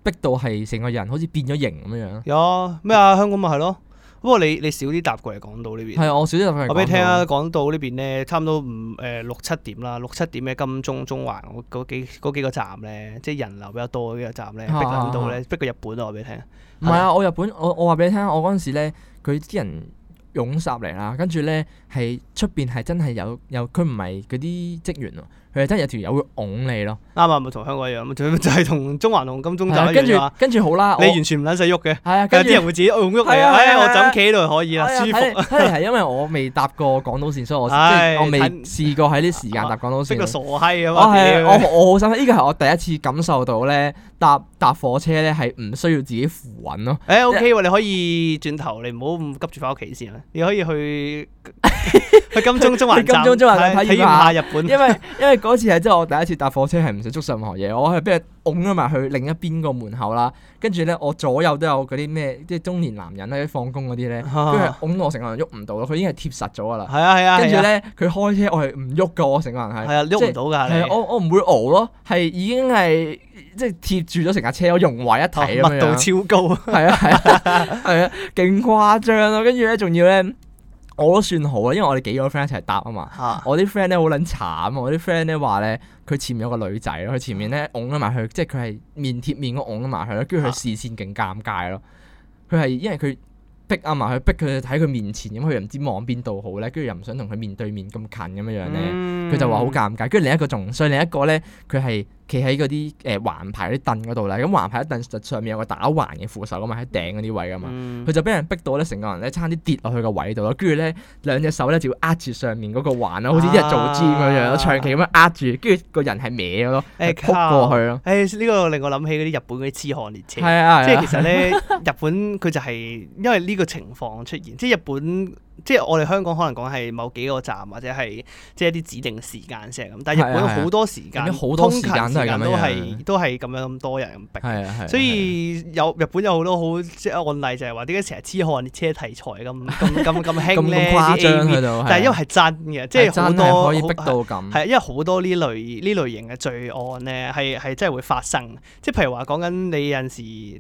逼到係成個人好似變咗形咁樣樣？有啊，咩啊？香港咪係咯。不過你你少啲搭過嚟港島呢邊？係啊，我少啲搭過嚟。我俾你聽啊，港島呢邊咧，差唔多五誒六七點啦，六七點嘅金鐘、中環嗰嗰幾，幾，幾個站咧，即係人流比較多嘅幾個站咧，逼緊、啊、到咧，逼過、啊、日本啊！我俾你聽，唔係啊，我日本我我話俾你聽，我嗰陣時咧，佢啲人湧殺嚟啦，跟住咧係出邊係真係有有，佢唔係嗰啲職員佢真係有條友會㧬你咯，啱啱咪同香港一樣，咪就係同中環同金鐘站。跟住，跟住好啦，你完全唔撚使喐嘅。係啊，跟住啲人會自己喐你。係啊，我就咁企度可以啦，舒服。係因為我未搭過港島綫，所以我即係我未試過喺啲時間搭港島綫。個傻閪啊，我好深，呢個係我第一次感受到咧，搭搭火車咧係唔需要自己扶穩咯。OK 你可以轉頭，你唔好咁急住翻屋企先啦，你可以去去金鐘中環站，體驗下日本，因為因為。嗰次係真係我第一次搭火車係唔使捉任何嘢，我係俾佢擁咗埋去另一邊個門口啦。跟住咧，我左右都有嗰啲咩即係中年男人喺度放工嗰啲咧，跟住擁我成個人喐唔到咯。佢已經係貼實咗啦。係啊係是啊。跟住咧，佢開車我係唔喐噶，我成個人係。係啊，喐唔到㗎你。係我我唔會熬咯，係已經係即係貼住咗成架車，我，我、啊、車融為一體咁、啊、密度超高 這樣。係啊係啊係啊，勁誇張啦！跟住咧，仲要咧。我都算好啊，因為我哋幾個 friend 一齊搭啊嘛。我啲 friend 咧好撚慘，我啲 friend 咧話咧，佢前面有個女仔咯，佢前面咧拱咗埋去，即係佢係面貼面咁拱咗埋去咯，跟住佢視線勁尷尬咯。佢係、啊、因為佢逼啊埋去，逼佢喺佢面前，咁佢又唔知望邊度好咧，跟住又唔想同佢面對面咁近咁樣樣咧，佢、嗯、就話好尷尬。跟住另一個仲衰，另一個咧佢係。企喺嗰啲誒橫排啲凳嗰度咧，咁、嗯、橫排啲凳實上面有個打橫嘅扶手咁嘛，喺頂嗰啲位噶嘛，佢、嗯、就俾人逼到咧成個人咧差啲跌落去個位度咯，跟住咧兩隻手咧就要扼住上面嗰個環咯，啊、好似一係做 gym 咁樣，啊、長期咁樣扼住，跟住個人係歪咯，係仆、欸、過去咯。誒呢、欸呢個令我諗起嗰啲日本嗰啲痴漢列車，即係、啊啊、其實咧 日本佢就係因為呢個情況出現，即、就、係、是、日本。即係我哋香港可能講係某幾個站或者係即係一啲指定時間成咁，但係日本好多時間，有有多時間通勤時間都係麼都係咁樣咁多人咁逼，所以有日本有好多好即係案例就係話點解成日癡漢車題材咁咁咁咁興咧？但係因為係真嘅，即係好多可以逼到咁係因為好多呢類呢類型嘅罪案咧係係真係會發生。即係譬如話講緊你有陣時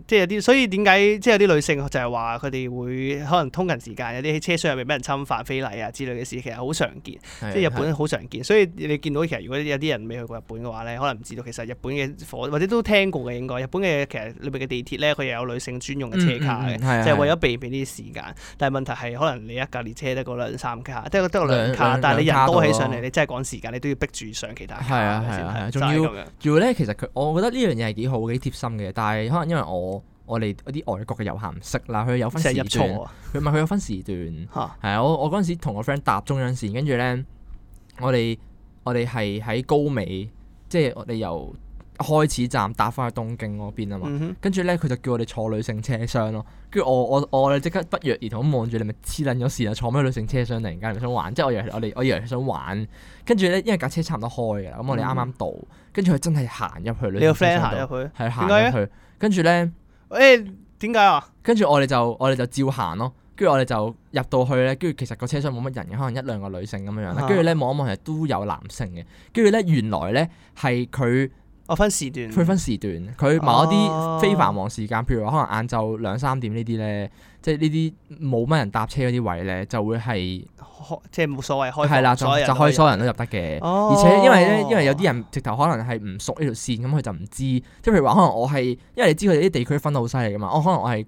即係有啲，所以點解即係有啲女性就係話佢哋會可能通勤時間有啲喺車廂入俾人侵犯、非禮啊之類嘅事，其實好常見，的即係日本好常見，所以你見到其實如果有啲人未去過日本嘅話咧，可能唔知道其實日本嘅火或者都聽過嘅應該。日本嘅其實裏邊嘅地鐵咧，佢又有女性專用嘅車卡嘅，就、嗯嗯、為咗避免呢啲時間。但係問題係可能你一架列車得個兩三卡，得個得個兩卡，兩兩但係你人多起上嚟，了你真係趕時間，你都要逼住上其他卡啊，係啊的，仲啊，仲要咧，其實佢我覺得呢樣嘢係幾好幾貼心嘅，但係可能因為我。我哋啲外國嘅遊客唔識啦，佢有分時段，佢咪、啊，佢有分時段。係 我我嗰陣時同我 friend 搭中央線，跟住咧，我哋我哋係喺高尾，即係我哋由開始站搭翻去東京嗰邊啊嘛。跟住咧，佢就叫我哋坐女性車廂咯。跟住我我我哋即刻不約而同咁望住你，咪黐撚咗線啊！坐咩女性車廂？突然間你想玩，即係我以為我哋我以為想玩，跟住咧，因為架車差唔多開㗎啦，咁我哋啱啱到，跟住佢真係行入去女，我 friend 行入行入去，去，跟住咧。誒點解啊？欸、跟住我哋就我哋就照行咯。跟住我哋就入到去咧。跟住其實個車廂冇乜人嘅，可能一兩個女性咁樣啦。跟住咧望一望，其實都有男性嘅。跟住咧原來咧係佢。分時段，佢分時段。佢某一啲非繁忙時間，哦、譬如話可能晏晝兩三點呢啲咧，即係呢啲冇乜人搭車嗰啲位咧，就會係即係冇所謂開。係啦，就就開所有人都入得嘅。哦、而且因為咧，因為有啲人直頭可能係唔熟呢條線，咁佢就唔知。即係譬如話，可能我係因為你知佢哋啲地區分得好犀利噶嘛。我可能我係誒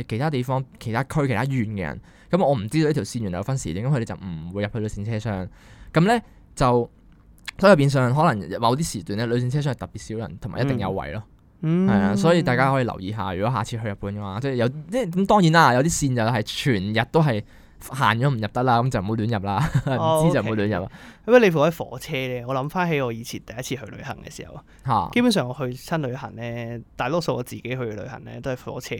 誒其他地方、其他區、其他縣嘅人，咁我唔知道呢條線原來有分時段，咁佢哋就唔會入去到線車廂。咁咧就。所以變相可能某啲時段咧，女性車廂係特別少人，同埋一定有位咯。係啊，所以大家可以留意下，如果下次去日本嘅話，即係有即係咁當然啦，有啲線就係全日都係限咗唔入得啦，咁就唔好亂入啦，唔、哦、 知就唔好亂入，哦。不、okay、過 你坐喺火車咧，我諗翻起我以前第一次去旅行嘅時候，啊、基本上我去親旅行咧，大多數我自己去嘅旅行咧都係火車。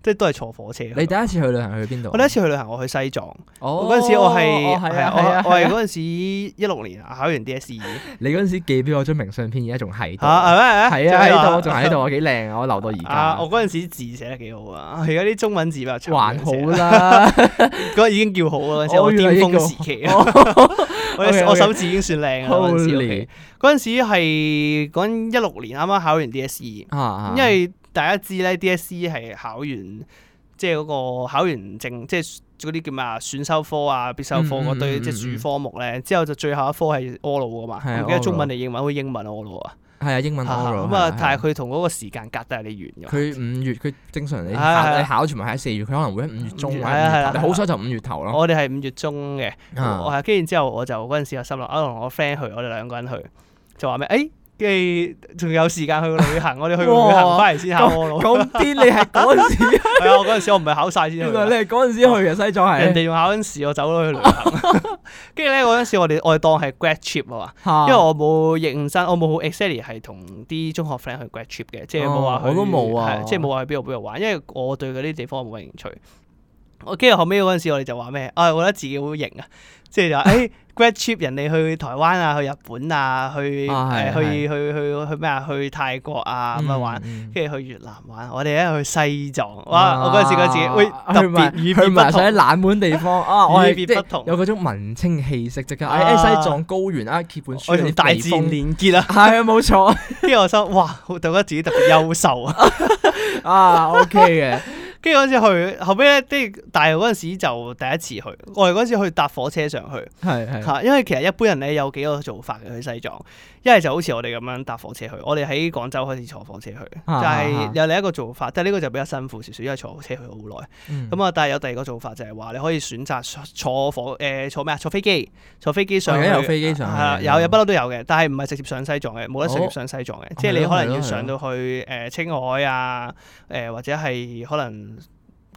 即係都係坐火車。你第一次去旅行去邊度？我第一次去旅行，我去西藏。哦，嗰陣時我係係啊，我係嗰陣時一六年考完 DSE。你嗰陣時寄俾我張明信片，而家仲係，係咩？係啊，喺度，仲喺度，我幾靚啊！我留到而家。我嗰陣時字寫得幾好啊！而家啲中文字比較長。還好啦，嗰陣已經叫好啊，即係我巔峰時期我我手字已經算靚啊，嗰陣時嗰陣時係嗰陣一六年啱啱考完 DSE 因為。大家知咧，DSE 係考完即係嗰個考完證，即係嗰啲叫咩啊，選修科啊必修科嗰堆即係主科目咧，之後就最後一科係 all 噶嘛，即係中文定英文會英文 all 啊，係啊英文 all 咁啊，但係佢同嗰個時間隔得係你遠嘅。佢五月佢正常你考全部喺四月，佢可能會喺五月中或者五月頭，好彩就五月頭咯。我哋係五月中嘅，啊，跟住之後我就嗰陣時我心諗，我同我 friend 去，我哋兩個人去，就話咩？哎。跟住仲有時間去旅行，我哋去旅行翻嚟先考。我嗰啲你係嗰陣時，係啊，我嗰陣時我唔係考晒先去。原來你嗰陣時去嘅西藏係，人哋仲考嗰陣時，我走咗去旅行。跟住咧，嗰陣時我哋我哋當係 grad trip 啊嘛，因為我冇認真，我冇好 exciting 係同啲中學 friend 去 grad trip 嘅，哦啊，即係冇話，我都冇啊，即係冇話去邊度邊度玩，因為我對嗰啲地方冇興趣。我跟住後尾嗰陣時，我哋就話咩？啊，我覺得自己好型啊！即係話，誒 grad trip 人哋去台灣啊，去日本啊，去去去去去咩啊？去泰國啊咁樣玩，跟住去越南玩。我哋一去西藏，哇！我嗰陣時覺得自己會特別與別不同。去埋上冷門地方啊，與別不同，有嗰種文青氣息。即係誒西藏高原啊，揭本書同大自然連結啊，係啊，冇錯。跟住我心哇，我覺得自己特別優秀啊！啊，OK 嘅。跟住嗰次去，後尾，咧，即係但係嗰陣時就第一次去。我哋嗰次去搭火車上去，係係嚇，因為其實一般人咧，有幾個做法嘅，去西藏。一係就好似我哋咁樣搭火車去，我哋喺廣州開始坐火車去，就係、啊、有另一個做法，但係呢個就比較辛苦少少，因為坐火車去好耐。咁啊、嗯，但係有第二個做法就係話你可以選擇坐火誒、呃、坐咩啊？坐飛機，坐飛機上。有飛機上係啊，有有不嬲都有嘅，但係唔係直接上西藏嘅，冇得、哦、直接上西藏嘅，哦、即係你可能要上到去誒青海啊，誒、呃、或者係可能。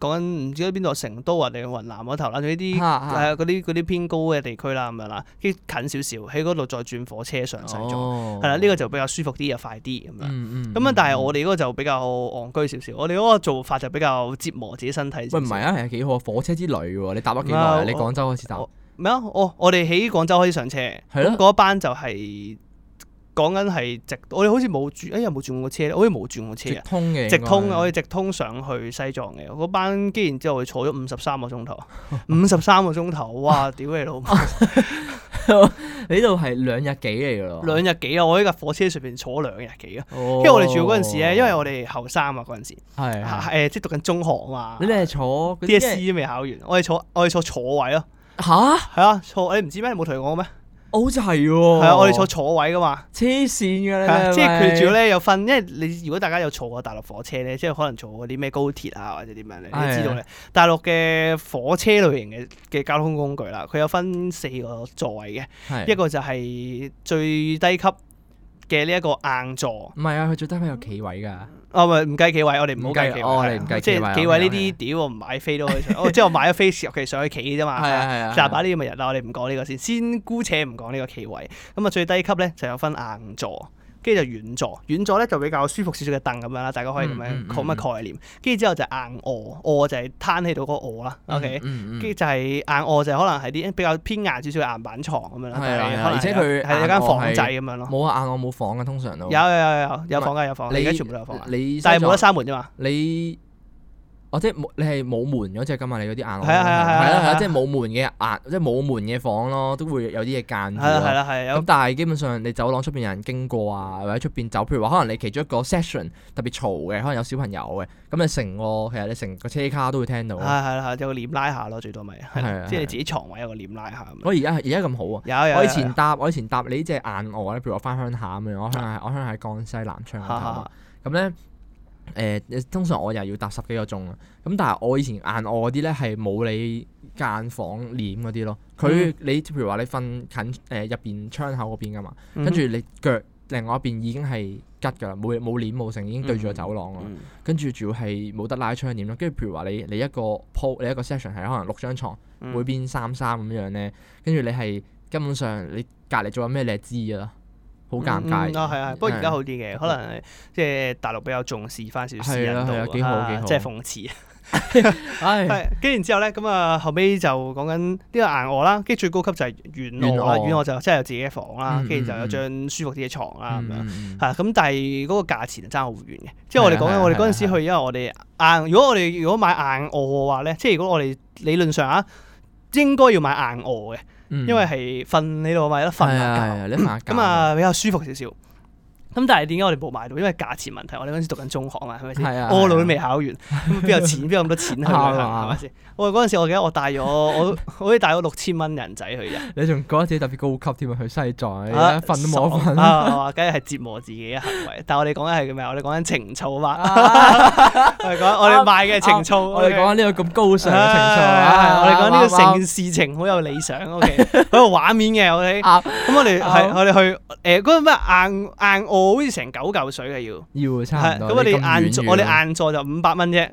講緊唔知邊度成都啊定係雲南嗰頭啦、啊，呢啲係啊嗰啲啲偏高嘅地區啦咁樣啦，跟近少少喺嗰度再轉火車上西藏，係啦，呢個就比較舒服啲又快啲咁、嗯嗯、樣。咁啊，但係我哋嗰個就比較戇居少少，我哋嗰個做法就比較折磨自己身體。喂，唔係啊，係、啊、幾好啊，火車之旅喎！你搭咗幾耐你廣州開始搭咩啊？哦，我哋喺廣州開始上車，嗰、啊、班就係、是。講緊係直，我哋好似冇轉，哎呀冇轉過車咧，我好似冇轉過車，直通嘅，直通，我哋直通上去西藏嘅，嗰班機然之後我哋坐咗五十三個鐘頭，五十三個鐘頭，哇，屌你老母！你呢度係兩日幾嚟噶咯？兩日幾啊！我喺架火車上邊坐兩日幾啊！因為我哋住嗰陣時咧，因為我哋後生啊，嗰陣時係誒，即係讀緊中學啊嘛。你咩坐 DSE 都未考完？我哋坐我哋坐坐位咯。吓？係啊，坐。你唔知咩？冇同你講咩？我好似係喎，係啊！我哋坐坐位㗎嘛，黐線嘅咧，啊、是是即係佢主要咧有分，因為你如果大家有坐過大陸火車咧，即係可能坐過啲咩高鐵啊或者點樣咧，你知道咧，的大陸嘅火車類型嘅嘅交通工具啦，佢有分四個座位嘅，的一個就係最低級嘅呢一個硬座。唔係啊，佢最低係有企位噶，啊唔係唔計企位，我哋唔好計企位，我哋唔計，即係企位呢啲屌我唔買飛都可以上，我即係我買咗飛，尤其上去企啫嘛，雜牌呢啲咪日啦，我哋唔講呢個先，先姑且唔講呢個企位，咁啊最低級咧就有分硬座。跟住就軟座，軟座咧就比較舒服少少嘅凳咁樣啦，大家可以咁樣講乜概念。跟住之後就硬臥，臥就係攤喺到嗰個臥啦。OK，跟住、嗯嗯、就係、係、硬臥就可能係啲比較偏硬少少嘅硬板床咁樣啦。嗯嗯、而且佢係有間房仔咁樣咯。冇啊，硬臥冇房嘅，通常都。有有有有房嘅，有房，而家你全部都有房啊。你但係冇得閂門啫嘛。你哦，即係你係冇門嗰隻咁啊！你嗰啲硬臥係啊，即係冇門嘅，即係冇門嘅房咯，都會有啲嘢間住咁，但係基本上你走廊出邊有人經過啊，或者出邊走，譬如話可能你其中一個 session 特別嘈嘅，可能有小朋友嘅，咁你成個其實你成個車卡都會聽到。係係有個簾拉下咯，最多咪係啊，即係你自己床位有個簾拉下。我以前搭我以前搭，你即係硬臥，譬如我翻鄉下咁樣，我鄉下我鄉下喺江西南昌咁咧。誒、呃，通常我又要搭十幾個鐘啊！咁但係我以前硬卧嗰啲咧係冇你間房簾嗰啲咯，佢、嗯、哼你譬如話你瞓近誒、呃、入邊窗口嗰邊噶嘛，嗯、哼跟住你腳另外一邊已經係吉㗎啦，冇冇簾冇剩已經對住個走廊啦、嗯哼，跟住仲要係冇得拉窗簾咯。跟住譬如話你你一個鋪你一個 session 係可能六張床，每邊三三咁樣咧，跟住你係根本上你隔離做緊咩你係知啊。好尷尬啊！係啊，不過而家好啲嘅，可能係即係大陸比較重視翻少少私隱度啊，即係諷刺。係跟住然之後咧，咁啊後尾就講緊呢個硬卧啦。跟住最高級就係軟卧啦，軟卧就即係有自己嘅房啦，跟住就有張舒服啲嘅床啦咁樣。係咁，但係嗰個價錢爭好遠嘅。即係我哋講緊我哋嗰陣時去，因為我哋硬如果我哋如果買硬卧嘅話咧，即係如果我哋理論上啊應該要買硬卧嘅。因為係瞓喺度咪得瞓一覺，咁啊 比較舒服少少。咁但係點解我哋冇買到？因為價錢問題，我哋嗰陣時讀緊中學嘛，係咪先？我老都未考完，咁邊有錢？邊有咁多錢去行？係咪先？我嗰陣時，我記得我帶咗我好似帶咗六千蚊人仔去啊！你仲覺得自己特別高級添去西藏，一份都冇份啊！梗係折磨自己嘅行為。但係我哋講緊係咩？我哋講緊情操嘛。我哋講我哋賣嘅情操，我哋講緊呢個咁高尚嘅情操。我哋講呢個成件事情，好有理想。O K，嗰個畫面嘅我哋，咁我哋係我哋去誒個咩硬硬我好似成九嚿水嘅，要要，係咁我哋硬座，我哋硬座就五百蚊啫。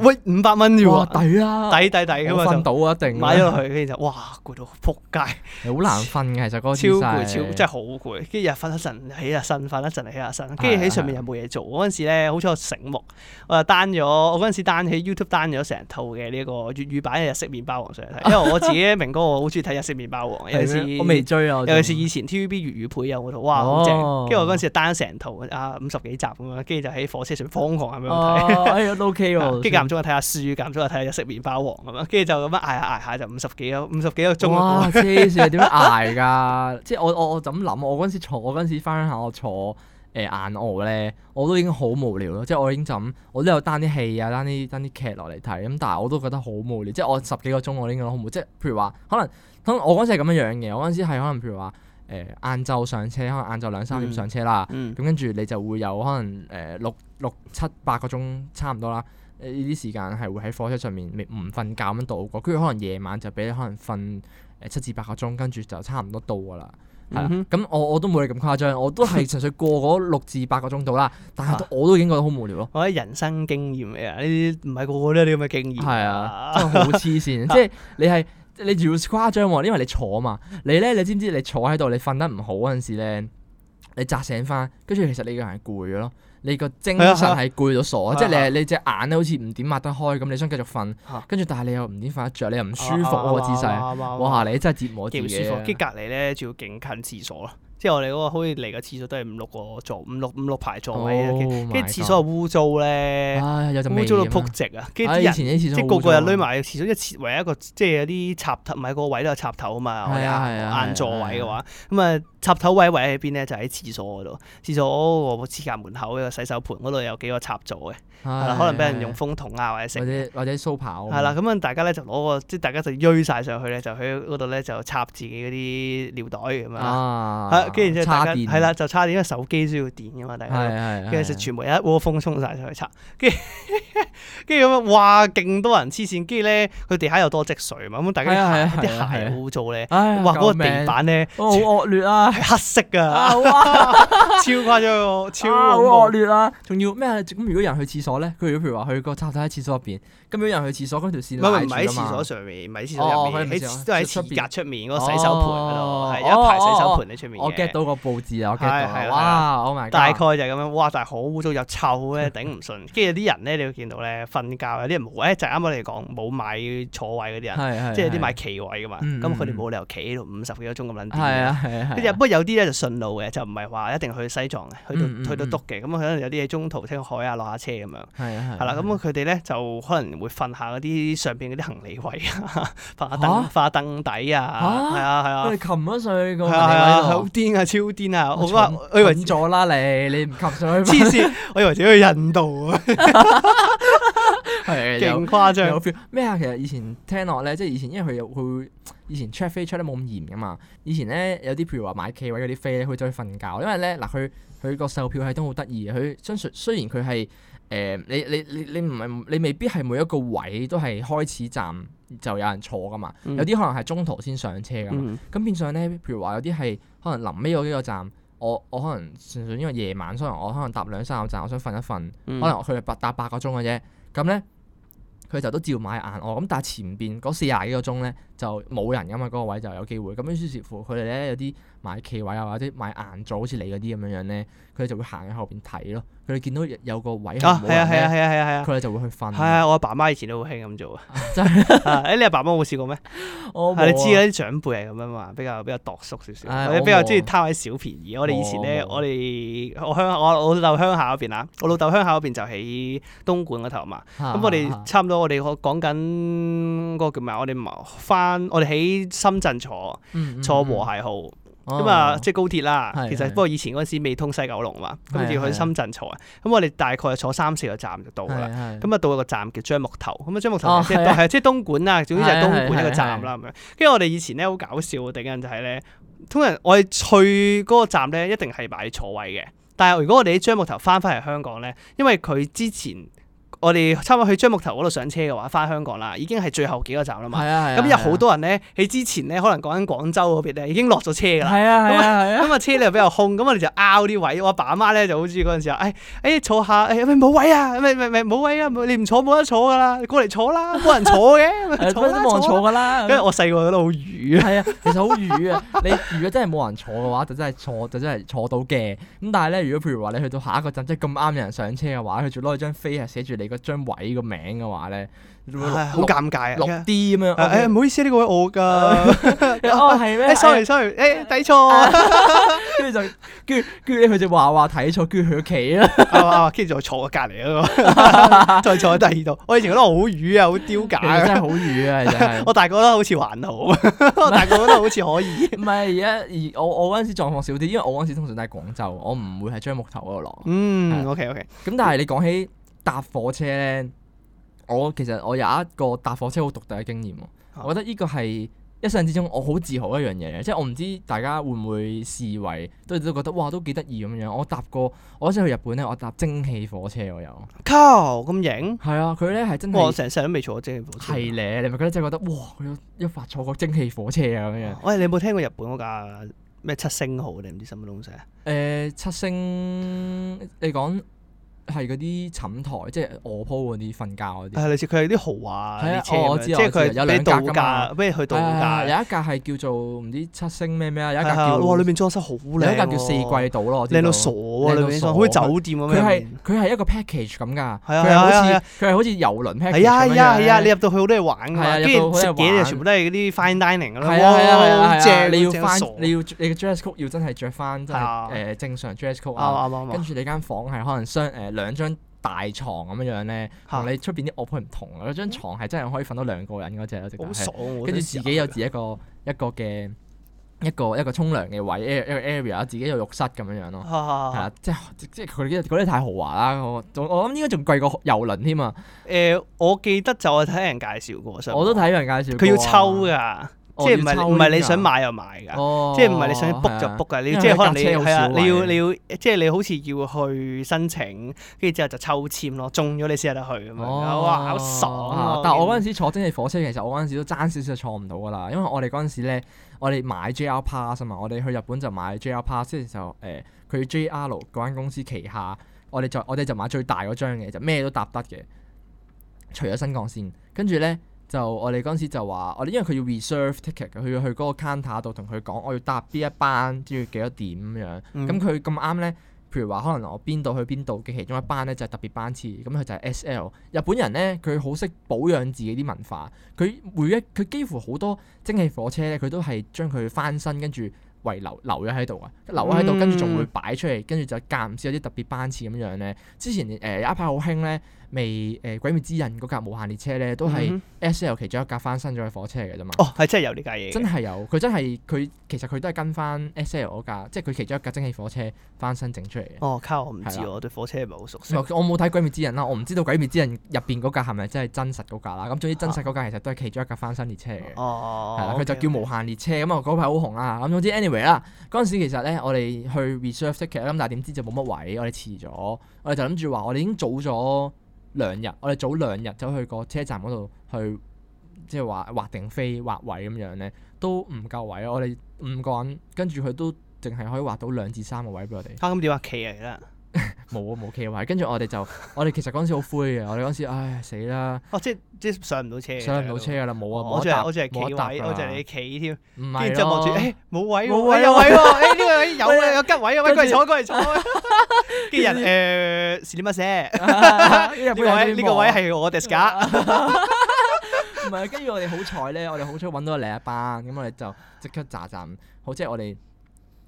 喂，五百蚊要抵啊！抵抵抵噶嘛就瞓到一定買咗落去，跟住就哇攰到扑街，好難瞓嘅其實嗰超攰超，真係好攰。跟住日瞓一陣起下身，瞓一陣起下身，跟住喺上面又冇嘢做。嗰陣時咧，好彩我醒目，我就單咗。我嗰陣時單喺 YouTube 單咗成套嘅呢個粵語版嘅日式麵包王上嚟睇，因為我自己明哥我好中意睇日式麵包王，尤其是我未追啊，尤其是以前 TVB 粵語配有嗰套，哇好正。跟住我嗰陣時翻成套啊五十幾集咁樣，跟住就喺火車上瘋狂咁樣睇，哎呀都 OK 喎。跟住間唔中又睇下書，間唔中又睇下日式麵包王咁樣，跟住就咁樣挨挨下，就五十幾啊五十幾個鐘。哇！黐線，點挨噶？ 即係我我我就咁諗，我嗰陣時，時坐，陣時翻下我坐誒、呃、硬臥咧，我都已經好無聊咯。即係我已經就咁，我都有單啲戲啊，單啲單啲劇落嚟睇咁，但係我都覺得好無聊。即係我十幾個鐘，我已經好無聊。即係譬如話，可能，當我嗰陣時係咁樣樣嘅。我嗰陣時係可能譬如話。誒晏晝上車，可能晏晝兩三點上車啦。咁、嗯、跟住你就會有可能誒六六七八個鐘差唔多啦。呢、呃、啲時間係會喺火車上面唔瞓覺咁度過。跟住可能夜晚就俾你可能瞓誒七至八個鐘，跟住就差唔多到㗎啦。咁、嗯、哼我我都冇你咁誇張，我都係純粹過嗰六至八個鐘到啦。 但係我都已經覺得好無聊咯。啊、我啲人生經驗，你經驗啊，呢啲唔係個個都有啲咁嘅經驗。係啊，真係好黐線。即係 你係。你仲要誇張喎，因為你坐嘛，你咧你知唔知你坐喺度你瞓得唔好嗰陣時咧，你扎醒翻，跟住其實你個人攰咗咯，你個精神係攰到傻，對對對即係你你隻眼咧好似唔點擘得開咁，你想繼續瞓，跟住但係你又唔點瞓得着，你又唔舒服喎姿勢，對對對哇！你真係折磨自己，兼隔離咧仲要勁近，近廁所啦。即係我哋嗰個好似嚟個廁所都係五六個座，五六五六排座位啊，跟住、oh、廁所又污糟咧，污糟到仆直啊！跟住啲人，即係個個又匿埋，廁所一次唯一一個即係有啲插頭，唔係個位都有插頭啊嘛，或者硬座位嘅話，咁啊～插頭位位喺邊咧？就喺廁所嗰度，廁所個廁隔門口個洗手盆嗰度有幾個插座嘅，係啦，可能俾人用風筒啊或者剩，或者梳刨，係啦，咁啊，大家咧就攞個即大家就鋥曬上去咧，就喺嗰度咧就插自己嗰啲尿袋咁樣，跟住即係大家，係啦，就差點，因為手機需要電噶嘛，大家，跟住就全部一窩蜂衝晒上去插，跟住跟住咁啊，哇！勁多人黐線，跟住咧佢地下又多積水嘛，咁大家啲鞋污糟咧，哇！嗰個地板咧好惡劣啊！係黑色噶，哇，超誇張喎，超好惡劣啦，仲要咩？咁如果人去廁所咧，佢如果譬如話去個集體喺廁所入邊，咁樣人去廁所，咁條線咪咪喺廁所上面，唔咪廁所入面，都喺池格出面嗰個洗手盆嗰度，係一排洗手盆喺出面，我 get 到個佈置啊，我 get 到。h m 大概就係咁樣，哇！但係好污糟又臭咧，頂唔順。跟住啲人咧，你會見到咧，瞓覺有啲人冇，誒就啱啱你講冇買坐位嗰啲人，即係啲買企位噶嘛，咁佢哋冇理由企喺度，五十幾個鐘咁撚。啲不過有啲咧就順路嘅，就唔係話一定去西藏嘅，去到去到篤嘅。咁啊，可能有啲嘢中途聽海啊落下車咁樣。係啊係啦。咁佢哋咧就可能會瞓下嗰啲上邊嗰啲行李位啊，瞓下凳瞓下凳底啊。吓？係啊係啊。佢哋擒咗上去？係，係好癲啊！超癲啊！好話我以為錯啦你，你唔及上去？黐線！我以為自己去印度啊。係，勁誇張。有 feel。咩啊？其實以前聽落咧，即係以前，因為佢有佢會以前 check 飛 check 得冇咁嚴噶嘛。以前咧有啲譬如話買企位嗰啲飛咧，佢走去瞓覺。因為咧嗱，佢佢個售票系統好得意，佢雖然雖然佢係，誒，你你你你唔係你未必係每一個位都係開始站就有人坐噶嘛。嗯、有啲可能係中途先上車噶嘛。咁、嗯、哼變相咧，譬如話有啲係可能臨尾嗰幾個站，我我可能純粹因為夜晚，所以我可能搭兩三個站，我想瞓一瞓。嗯、可能佢係搭八個鐘嘅啫。咁咧。佢就都照買硬臥，咁但係前邊嗰四十幾個鐘咧。就冇人噶嘛，嗰、那個位就有機會。咁於是乎佢哋咧有啲買企位啊，或者買硬座，好似你嗰啲咁樣樣咧，佢哋就會行喺後邊睇咯。佢哋見到有個位係冇，係啊係啊係啊係啊，佢哋、啊啊啊啊、就會去瞓。係啊，我阿爸媽以前都好興咁做 啊。真係、啊，你阿爸媽冇試過咩？我係知啦，啲長輩係咁樣嘛，比較比較度縮少少，或、哎啊、比較中意貪啲小便宜。我哋以前咧，我哋、啊、我，我鄉我老豆鄉下嗰邊啊，我老豆鄉下嗰邊，邊就喺東莞嗰頭嘛。咁、啊、我哋差唔多我，我哋講緊嗰個叫咩我哋翻。我哋喺深圳坐坐和諧號咁啊，即係高鐵啦。其實不過以前嗰時未通西九龍嘛，咁就要去深圳坐。咁我哋大概坐三四個站就到啦。咁啊到一個站叫樟木頭。咁啊樟木頭即係係即係東莞啊，總之就係東莞一個站啦咁樣。跟住我哋以前咧好搞笑，突然間就係咧，通常我哋去嗰個站咧一定係買坐位嘅。但係如果我哋喺樟木頭翻返嚟香港咧，因為佢之前。我哋差唔多去樟木頭嗰度上車嘅話，翻香港啦，已經係最後幾個站啦嘛。咁有好多人咧，喺之前咧，可能講緊廣州嗰邊咧，已經落咗車㗎啦。係啊係啊係啊。咁啊車你又比較空，咁我哋就拗啲位。我阿爸阿媽咧就好中意嗰時候，誒誒坐下，誒冇位啊，咪咪咪冇位啊，你唔坐冇得坐㗎啦，過嚟坐啦，冇人坐嘅，坐都冇人坐㗎啦。因為我細個覺得好愚。係啊，其實好愚啊。你如果真係冇人坐嘅話，就真係坐，就真係坐到嘅。咁但係咧，如果譬如話你去到下一個站，即係咁啱有人上車嘅話，佢仲攞張飛啊寫住你，一張位個名嘅話咧，好尷尬，落啲咁樣。誒，唔好意思，呢個位我噶。哦，係咩？sorry，sorry 誒，睇錯。跟住就，跟住，跟住呢佢就話話睇錯，跟住佢企啦。跟住就坐喺隔籬嗰個，再坐喺第二度。我以前覺得好瘀啊，好丟架。真係好瘀啊！真係。我大個覺得好似還好，我大個覺得好似可以。唔係而家而我我嗰陣時狀況少啲，因為我嗰陣時通常都喺廣州，我唔會喺張木頭嗰度落。嗯，OK，OK。咁但係你講起。搭火車咧，我其實我有一個搭火車好獨特嘅經驗，啊、我覺得呢個係一生之中我好自豪一樣嘢，即係我唔知大家會唔會視為都都覺得哇都幾得意咁樣。我搭過，我先去日本咧，我搭蒸汽火車我有，靠，咁型。係啊，佢咧係真。我成世都未坐過蒸汽火車。係咧，你咪覺得真係覺得哇，我一發坐過蒸汽火車啊咁樣。喂、啊，你有冇聽過日本嗰架咩七星號定唔知什麼東西啊？誒、呃，七星，你講。係嗰啲寢台，即係臥鋪嗰啲瞓覺嗰啲，係類似佢係啲豪華啲車，即係佢有兩架，不如去度假，有一架係叫做唔知七星咩咩啊，有一架叫哇，裏面裝修好靚，有一架叫四季島咯，靚到傻喎，靚到傻，好似酒店咁，佢佢係一個 package 咁㗎，係啊，佢係好似遊輪 package 啊，係啊係啊，你入到去好多嘢玩跟住食嘢就全部都係嗰啲 fine dining 咯。啊，啦，啊，正正，你要翻你要你嘅 dress code 要真係著翻，誒正常 dress code，跟住你間房係可能雙誒。兩張大床咁樣樣咧，你面同你出邊啲臥鋪唔同啊！有張、嗯、床係真係可以瞓到兩個人嗰隻，跟住自己有自己一個一個嘅一個 一個沖涼嘅位，一個 area，自己有浴室咁樣樣咯。係啊， 即係即係佢啲，佢啲太豪華啦！我我諗應該仲貴過遊輪添啊！誒、欸，我記得就係睇人介紹過，我都睇人介紹過，佢要抽㗎。哦、即係唔係唔係你想買就買噶哦、即係唔係你想 book 就 book 噶你、哦、即係可能你係你要你要，你要即係你好似要去申請，跟住之後就抽籤咯，中咗你先有得去啊嘛。哦、哇好爽啊！啊但係我嗰陣時坐蒸汽火車，其實我嗰陣時都爭少少坐唔到噶啦，因為我哋嗰陣時咧，我哋買 JR pass 嘛，我哋去日本就買 JR pass，即係就誒，佢 JR 嗰間公司旗下，我哋就我哋就買最大嗰張嘅，就咩都搭得嘅，除咗新幹線，跟住咧。就我哋嗰陣時就話，我哋因為佢要 reserve ticket，佢要去嗰個 counter 度同佢講，我要搭邊一班，跟住幾多點咁樣。咁佢咁啱咧，譬如話可能我邊度去邊度嘅其中一班咧，就係特別班次。咁佢就係 SL。日本人咧，佢好識保養自己啲文化。佢每一，佢幾乎好多蒸汽火車咧，佢都係將佢翻新，跟住遺留留咗喺度啊，留咗喺度，跟住仲會擺出嚟，跟住就間唔時有啲特別班次咁樣咧。之前誒有一排好興咧。呃未誒、呃《鬼滅之刃》嗰架無限列車咧，都係 S.L. 其中一架翻新咗嘅火車嚟嘅啫嘛。哦，係真係有呢架嘢？真係有，佢真係佢其實佢都係跟翻 S.L. 嗰架，即係佢其中一架蒸汽火車翻新整出嚟嘅。哦，卡我唔知喎，的對火車唔係好熟悉。我冇睇《鬼滅之刃》啦，我唔知道《鬼滅之刃》入邊嗰架係咪真係真實嗰架啦。咁總之真實嗰架其實都係其中一架翻新列車嚟嘅。哦，係啦，佢就叫無限列車，咁我嗰排好紅啦。咁總之 anyway 啦，嗰陣時其實咧，我哋去 reserve ticket 咁，但係點知就冇乜位，我哋遲咗，我哋就諗住話我哋已經早咗。兩日，我哋早兩日走去個車站嗰度去，即係話劃定飛劃位咁樣咧，都唔夠位咯。我哋五個人跟住佢都淨係可以劃到兩至三個位俾我哋。啊，咁點啊？企嚟啦！冇啊，冇企位，跟住我哋就，我哋其實嗰陣時好灰嘅，我哋嗰陣時，唉死啦！哦，即係即係上唔到車，上唔到車噶啦，冇啊！我仲係我仲係企，我仲係企添，跟住望住，唉冇位，冇位有位喎，唉呢個位有啊，有吉位啊，喂，過嚟坐，過嚟坐，啲人誒是啲乜嘢？「呢個位呢個位係我嘅卡，唔係，跟住我哋好彩咧，我哋好彩揾到嚟一班，咁我哋就即刻炸站，好即係我哋。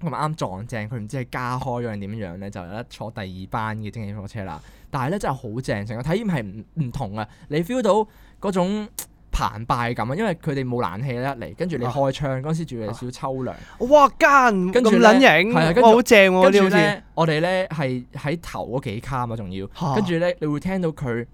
同埋啱撞正，佢唔知係加開咗定點樣咧，就有得坐第二班嘅蒸汽火車啦。但係咧真係好正，成個體驗係唔唔同啊！你 feel 到嗰種澎湃感啊，因為佢哋冇冷氣咧嚟，跟住你開窗嗰、啊、陣時仲有少少秋涼。哇！咁冷影，係啊，好正喎！呢好似我哋咧係喺頭嗰幾卡嘛，仲要跟住咧，你會聽到佢。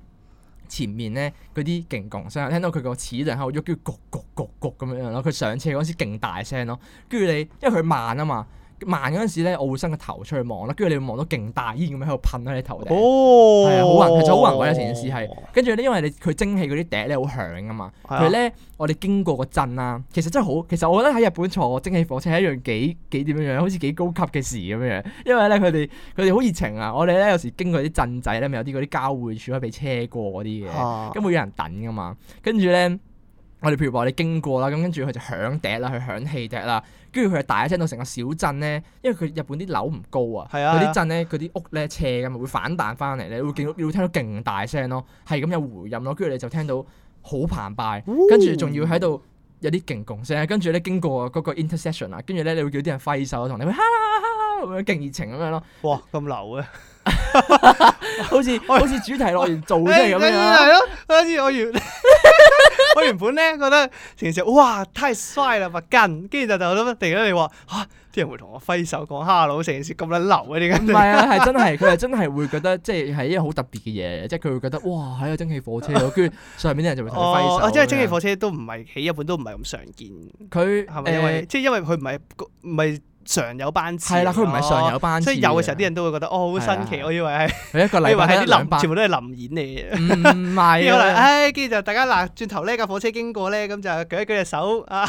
前面咧嗰啲勁降聲，聽到佢個齒輪喺度喐，跟住焗焗焗咁樣樣咯。佢上車嗰時勁大聲咯，跟住你，因為佢慢啊嘛。慢嗰陣時咧，我會伸個頭出去望啦，哦，跟住你會望到勁大煙咁樣喺度噴喺你頭頂哦，係啊，好暈，其實好暈鬼一件事係。跟住咧，因為你佢蒸汽嗰啲笛咧好響啊嘛，佢咧的我哋經過個鎮啦，其實真係好，其實我覺得喺日本坐蒸汽火車係一樣幾幾點樣樣，好似幾高級嘅事咁樣樣。因為咧佢哋佢哋好熱情啊，我哋咧有時經過啲鎮仔咧，咪有啲嗰啲交匯處可以俾車過嗰啲嘅，咁的、嗯、會有人等噶嘛，跟住咧。我哋譬如話你經過啦，咁跟住佢就響笛啦，佢響汽笛啦，跟住佢係大聲到成個小鎮咧，因為佢日本啲樓唔高啊，嗰啲鎮咧，佢啲屋咧斜噶嘛，會反彈翻嚟，咧會見到，你會聽到勁大聲咯，係咁有回音咯，跟住你就聽到好澎湃，跟住仲要喺度有啲勁共聲，跟住咧經過嗰個 intersection 啊，跟住咧你會叫啲人揮手同你，哈哈，咁樣勁熱情咁樣咯，哇，咁流啊，好似好似主題樂園做出嚟咁樣，係咯，總之我要。 我原本咧覺得成件事哇太帥啦，墨鏡，跟住就就諗乜突然間你話嚇，啲、啊、人會同我揮手講哈佬，成件事咁一流嘅，點解唔係啊？係、啊、真係，佢係 真係會覺得即係係一個好特別嘅嘢，即係佢會覺得哇喺個、哎、蒸汽火車度，跟住 上面啲人就會同你揮手。哦，啊、即係蒸汽火車都唔係喺日本都唔係咁常見。佢係咪？因誒，即係因為佢唔係唔係。常有班次，係啦，佢唔係常有班次，所以有嘅時候啲人都會覺得哦好新奇，我以為係，以為係啲全部都係臨演嚟嘅。唔係，跟住就大家嗱，轉頭呢架火車經過咧，咁就舉一舉隻手啊，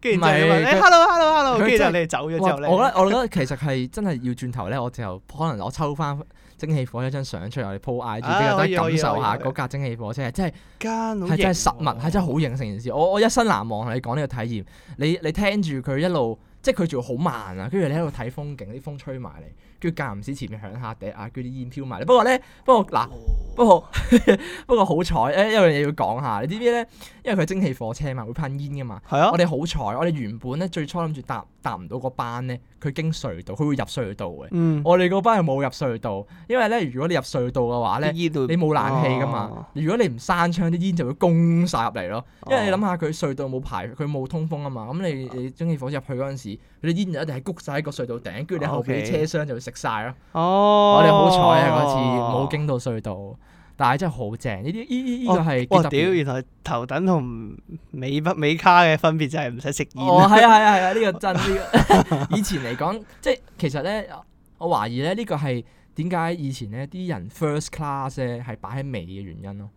跟住就問你 hello hello hello，跟住就你走咗之後咧。我覺得我覺得其實係真係要轉頭咧，我就可能我抽翻蒸汽火車張相出嚟 po IG，俾大家感受下嗰架蒸汽火車，真係真係實物，係真係好型成件事，我我一生難忘啊！你講呢個體驗，你你聽住佢一路，即佢仲要好慢啊，跟住你喺度睇風景，啲風吹埋嚟。跟住間唔時前面響下笛啊，跟住啲煙飄埋。不過咧，不過嗱，不過 不過好彩，誒，有一樣嘢要講下。你知唔知咧，因為佢蒸汽火車嘛，會噴煙噶嘛。啊、我哋好彩，我哋原本咧最初諗住搭搭唔到個班咧，佢經隧道，佢會入隧道嘅。嗯、我哋個班係冇入隧道，因為咧，如果你入隧道嘅話咧，你冇冷氣噶嘛。啊、如果你唔閂窗，啲煙就會攻晒入嚟咯。因為你諗下，佢隧道冇排，佢冇通風啊嘛。咁你你蒸汽火車入去嗰陣時，佢啲煙就一定係谷晒喺個隧道頂，跟住你後邊啲車廂就會～、啊食晒咯，我哋好彩啊！嗰、哦哦、次冇經到隧道，但係真係好正。呢啲呢呢呢個係哇，屌！原來頭等同尾不尾卡嘅分別就係唔使食煙。哦，係啊係啊係啊！呢個真呢個。 以前嚟講，即係其實咧，我懷疑咧呢個係點解以前咧啲人 first class 咧係擺喺尾嘅原因咯。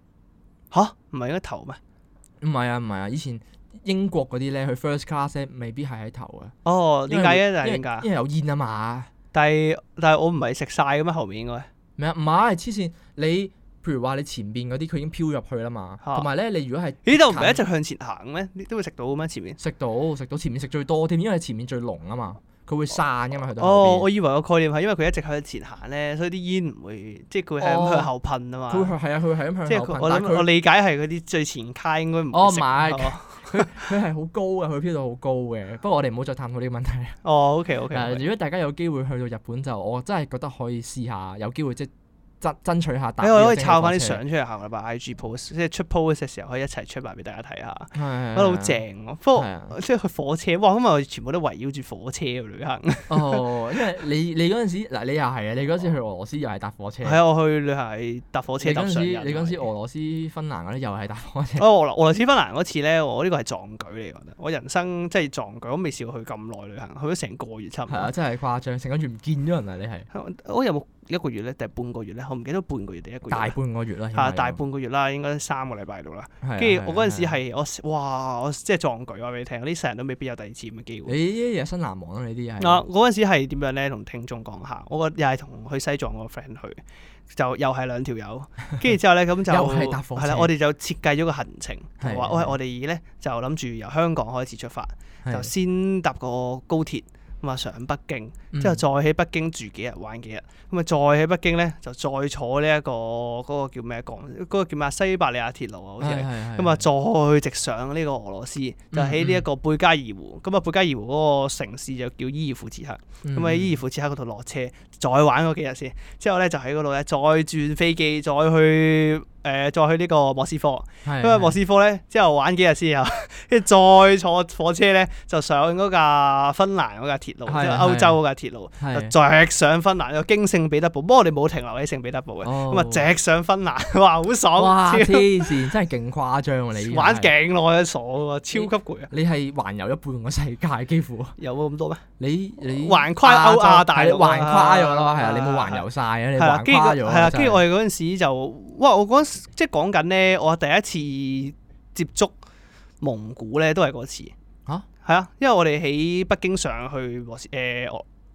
吓，唔係喺頭咩？唔係啊，唔係啊，啊！以前英國嗰啲咧，佢 first class 咧未必係喺頭啊。哦，點解咧？就係點解？因為因為有煙啊嘛。但係但係我唔係食晒噶咩？後面應該唔係，黐線。你譬如話你前邊嗰啲佢已經飄入去啦嘛。同埋咧你如果係呢度唔係一直向前行咩？你都會食到嘅咩？前面食到食到，到前面食最多添，因為前面最濃啊嘛。佢會散噶嘛？佢哦，我以為個概念係因為佢一直向前行咧，所以啲煙唔會即係佢係向後噴啊嘛。佢係、哦、啊，佢係咁向後噴。即我我理解係嗰啲最前卡應該唔。哦，唔係。 佢佢係好高嘅，佢飄到好高嘅。不過我哋唔好再探討呢個問題啦。哦、oh，OK OK, okay。 如果大家有機會去到日本，就我真係覺得可以試下。有機會即。爭取下，你可以抄翻啲相出嚟行啦，把 IG post，即係出 post 嘅時候可以一齊出埋俾大家睇下，覺得好正喎。不過即係去火車，哇！咁啊，全部都圍繞住火車去旅行。哦，因為你你嗰陣時嗱，你又係啊，你嗰陣時去俄羅斯又係搭火車。係啊，去旅行搭火車。嗰陣你嗰陣時俄羅斯芬蘭嗰啲又係搭火車。哦，俄羅斯芬蘭嗰次咧，我呢個係壯舉嚟，我人生即係壯舉，我未試過去咁耐旅行，去咗成個月差唔多。係啊，真係誇張，成個月唔見咗人啊！你係我有冇？一個月咧定係半個月咧，我唔記得半個月定一個月。大半個月啦嚇，大半個月啦，應該三個禮拜到啦。跟住的我嗰陣時係的我哇，我即係壯舉話俾你聽，呢世人都未必有第二次咁嘅機會。一有生難忘啦你啲係。嗱，嗰陣、啊、時係點樣咧？同聽眾講下，我個又係同去西藏個 friend 去，就又係兩條友。跟住之後咧、就是，咁就係啦，我哋就設計咗個行程，話我係我哋咧就諗住由香港開始出發，就先搭個高鐵。咁啊上北京，之後再喺北京住幾日玩幾日，咁啊再喺北京咧就再坐呢、這、一個嗰、那個叫咩港？嗰、那個叫咩西伯利亞鐵路啊，好似係，咁啊再直上呢個俄羅斯，就喺呢一個貝加爾湖，咁啊、嗯、貝加爾湖嗰個城市就叫伊爾庫茨克，咁啊、嗯、伊爾庫茨克嗰度落車，再玩嗰幾日先，之後咧就喺嗰度咧再轉飛機再去。誒再去呢個莫斯科，因為莫斯科咧之後玩幾日之後，跟住再坐火車咧就上嗰架芬蘭嗰架鐵路，即係歐洲嗰架鐵路，就直上芬蘭，又經聖彼得堡，不過我哋冇停留喺聖彼得堡嘅，咁啊直上芬蘭，哇好爽！哇黐線，真係勁誇張啊！你玩勁耐都爽喎，超級攰啊！你係環遊一半個世界，幾乎有咁多咩？你你橫跨歐亞大，環跨咗咯，係啊！你冇環遊晒啊？你環跨咗係，跟住我哋嗰陣時就哇！我嗰陣時即係講緊呢，我第一次接觸蒙古呢都係嗰次。啊，係啊，因為我哋喺北京上去，誒、呃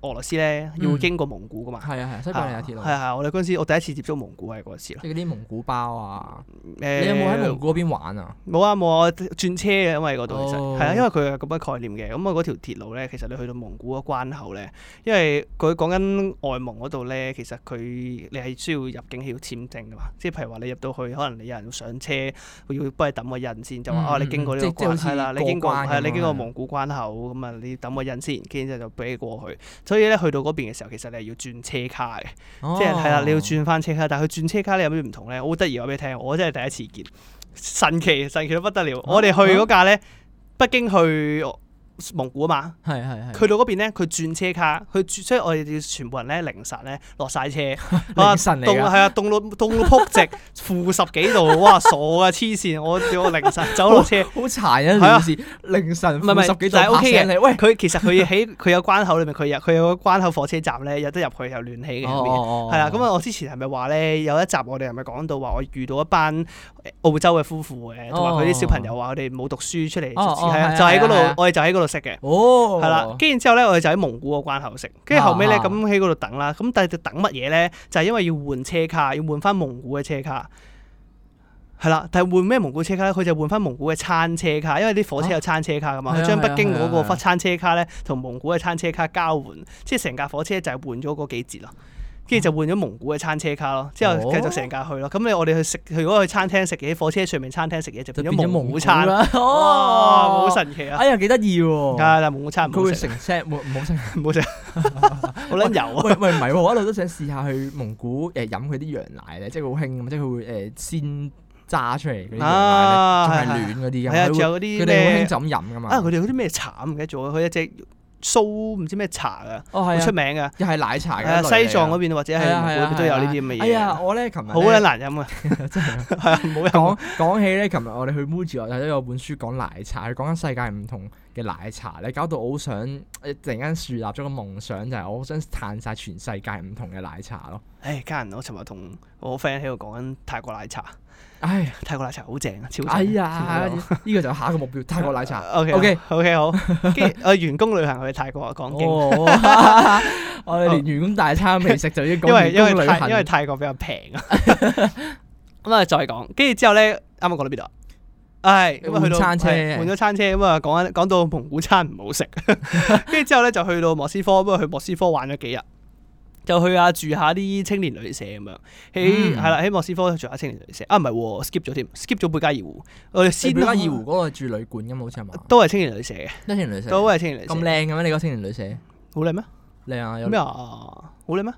俄羅斯咧要經過蒙古噶嘛？係、嗯、啊係，西伯利亞鐵路。係啊。我哋嗰陣時我第一次接觸蒙古係嗰次啦。即係嗰啲蒙古包啊，誒、呃，你有冇喺蒙古嗰邊玩啊？冇啊冇啊，我、啊、轉車嘅，因為嗰度其實係啊，因為佢係咁嘅概念嘅。咁、嗯、啊，嗰條鐵路咧，其實你去到蒙古嘅關口咧，因為佢講緊外蒙嗰度咧，其實佢你係需要入境要簽證㗎嘛。即係譬如話你入到去，可能你有人要上車，佢要幫你揼個印先，就話、嗯、啊你經過呢個關係啦，你經過係啊，你經過蒙古關口咁啊，你揼個印先，然之後就俾你過去。所以咧，去到嗰邊嘅時候，其實你係要轉車卡嘅，oh. 即係係啦，你要轉翻車卡。但係佢轉車卡咧有咩唔同咧？好得意，我話俾你聽，我真係第一次見，神奇神奇到不得了。Oh. 我哋去嗰架咧，oh. 北京去。蒙古啊嘛，係係係，去到嗰邊咧，佢轉車卡，佢轉，所以我哋全部人咧凌晨咧落晒車，啊神嚟係啊，凍到凍到仆直，負十幾度，哇傻啊黐線，我叫我凌晨走落車，好殘啊件事，凌晨負十幾度爬山嚟，喂佢其實佢喺佢有關口裏面，佢有佢有個關口火車站咧，有得入去有暖氣嘅，係啊，咁啊我之前係咪話咧有一集我哋係咪講到話我遇到一班澳洲嘅夫婦嘅，同埋佢啲小朋友話我哋冇讀書出嚟，係啊，就喺嗰度，我哋就喺嗰度。食嘅，係啦、哦，跟住之後咧，我哋就喺蒙古個關口食，跟住後尾咧，咁喺嗰度等啦，咁但係就等乜嘢咧？就係、是、因為要換車卡，要換翻蒙古嘅車卡，係啦，但係換咩蒙古車卡咧？佢就換翻蒙古嘅餐車卡，因為啲火車有餐車卡噶嘛，佢將、啊、北京嗰個翻餐車卡咧，同、啊、蒙古嘅餐車卡交換，即係成架火車就係換咗嗰幾節咯。跟住就換咗蒙古嘅餐車卡咯，之後繼續成架去咯。咁你我哋去食，如果去餐廳食嘢，火車上面餐廳食嘢就變咗蒙古餐啦。哦，好神奇啊！哎呀，幾得意喎！係，但蒙古餐唔佢會成車冇冇聲好撚油啊！喂喂，唔係，我一路都想試下去蒙古誒飲佢啲羊奶咧，即係好興咁，即係佢會誒先揸出嚟嗰啲羊奶咧，仲係暖嗰啲㗎。係啊，仲有嗰啲咩？佢哋好興就咁飲㗎嘛！啊，佢哋嗰啲咩茶唔記得咗？佢一隻。.酥唔知咩茶，哦、啊，好出名噶，又係奶茶嘅。啊，西藏嗰邊或者係每邊都有呢啲咁嘅嘢。係啊，我咧琴日好鬼難飲啊！真係是，冇講講起咧，琴日我哋去 Muji，睇咗有本書講奶茶，佢講緊世界唔同嘅奶茶咧，搞到我好想突然間樹立咗個夢想，就係、是、我好想嘆晒全世界唔同嘅奶茶咯。唉、哎，家人，我琴日同我 friend 喺度講緊泰國奶茶。唉，泰國奶茶好正啊，超正啊，哎呀，呢個就下一個目標。泰國奶茶，OK OK OK，好。跟住我員工旅行去泰國啊，講經。我哋連員工大餐未食就已經。因為因為泰因為泰國比較平啊。咁啊，再講，跟住之後咧，啱啱講到邊度啊？係換餐車，換咗餐車，咁啊，講翻講到蒙古餐唔好食。跟住之後咧，就去到莫斯科，不過去莫斯科玩咗幾日。就去啊，住下啲青年旅社咁樣，喺係啦，喺莫斯科住下青年旅社，嗯、年社啊，唔係 skip 咗添，skip 咗貝加爾湖，我哋先貝加爾湖嗰個住旅館噶嘛，好似係，咪都係青年旅社嘅，都係青年旅社咁靚嘅咩？你個青年旅社好靚咩？靚啊！有咩啊？好靚咩？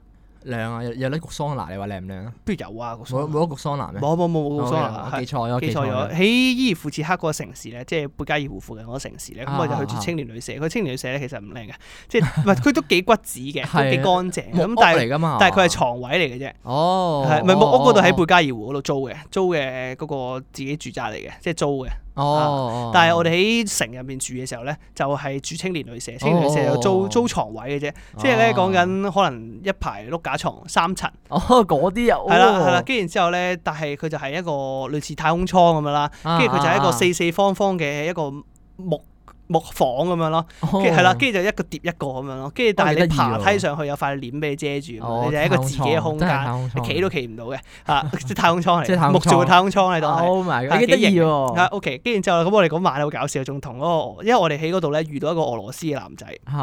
靚啊！有有咧，個桑拿，你話靚唔靚啊？不如有啊，冇冇一個桑拿咩？冇冇冇冇桑拿。記錯咗，記錯咗。喺伊爾庫茨克嗰個城市咧，即係貝加爾湖附近嗰個城市咧，咁我就去住青年旅社。佢青年旅社咧，其實唔靚嘅，即係係佢都幾骨子嘅，都幾乾淨。咁但係，但係佢係床位嚟嘅啫。哦，係咪木屋嗰度喺貝加爾湖嗰度租嘅？租嘅嗰個自己住宅嚟嘅，即係租嘅。哦，但係我哋喺城入邊住嘅時候咧，就係住青年旅社，哦、青年旅社有租、哦、租牀位嘅啫，即係咧講緊可能一排碌架床，三層，哦嗰啲又係啦，係啦，跟住、哦、之後咧，但係佢就係一個類似太空艙咁樣啦，跟住佢就係一個四四方方嘅一個木木房咁樣咯，跟住係啦，跟住就一個疊一個咁樣咯，跟住但係你爬梯上去有塊簾俾你遮住，你就喺一個自己嘅空間，你企都企唔到嘅，吓，即係太空艙嚟，木做嘅太空艙嚟，當係，幾得意喎，OK，跟住之後咁我哋嗰晚好搞笑，仲同嗰個，因為我哋喺嗰度咧遇到一個俄羅斯嘅男仔，吓，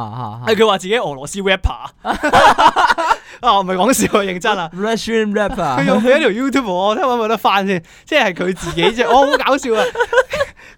佢話自己俄羅斯 rapper，啊唔係講笑啊，認真啊，Russian rapper，佢用佢一條 YouTube，我睇下揾唔得翻先，即係佢自己啫。係，哦好搞笑啊，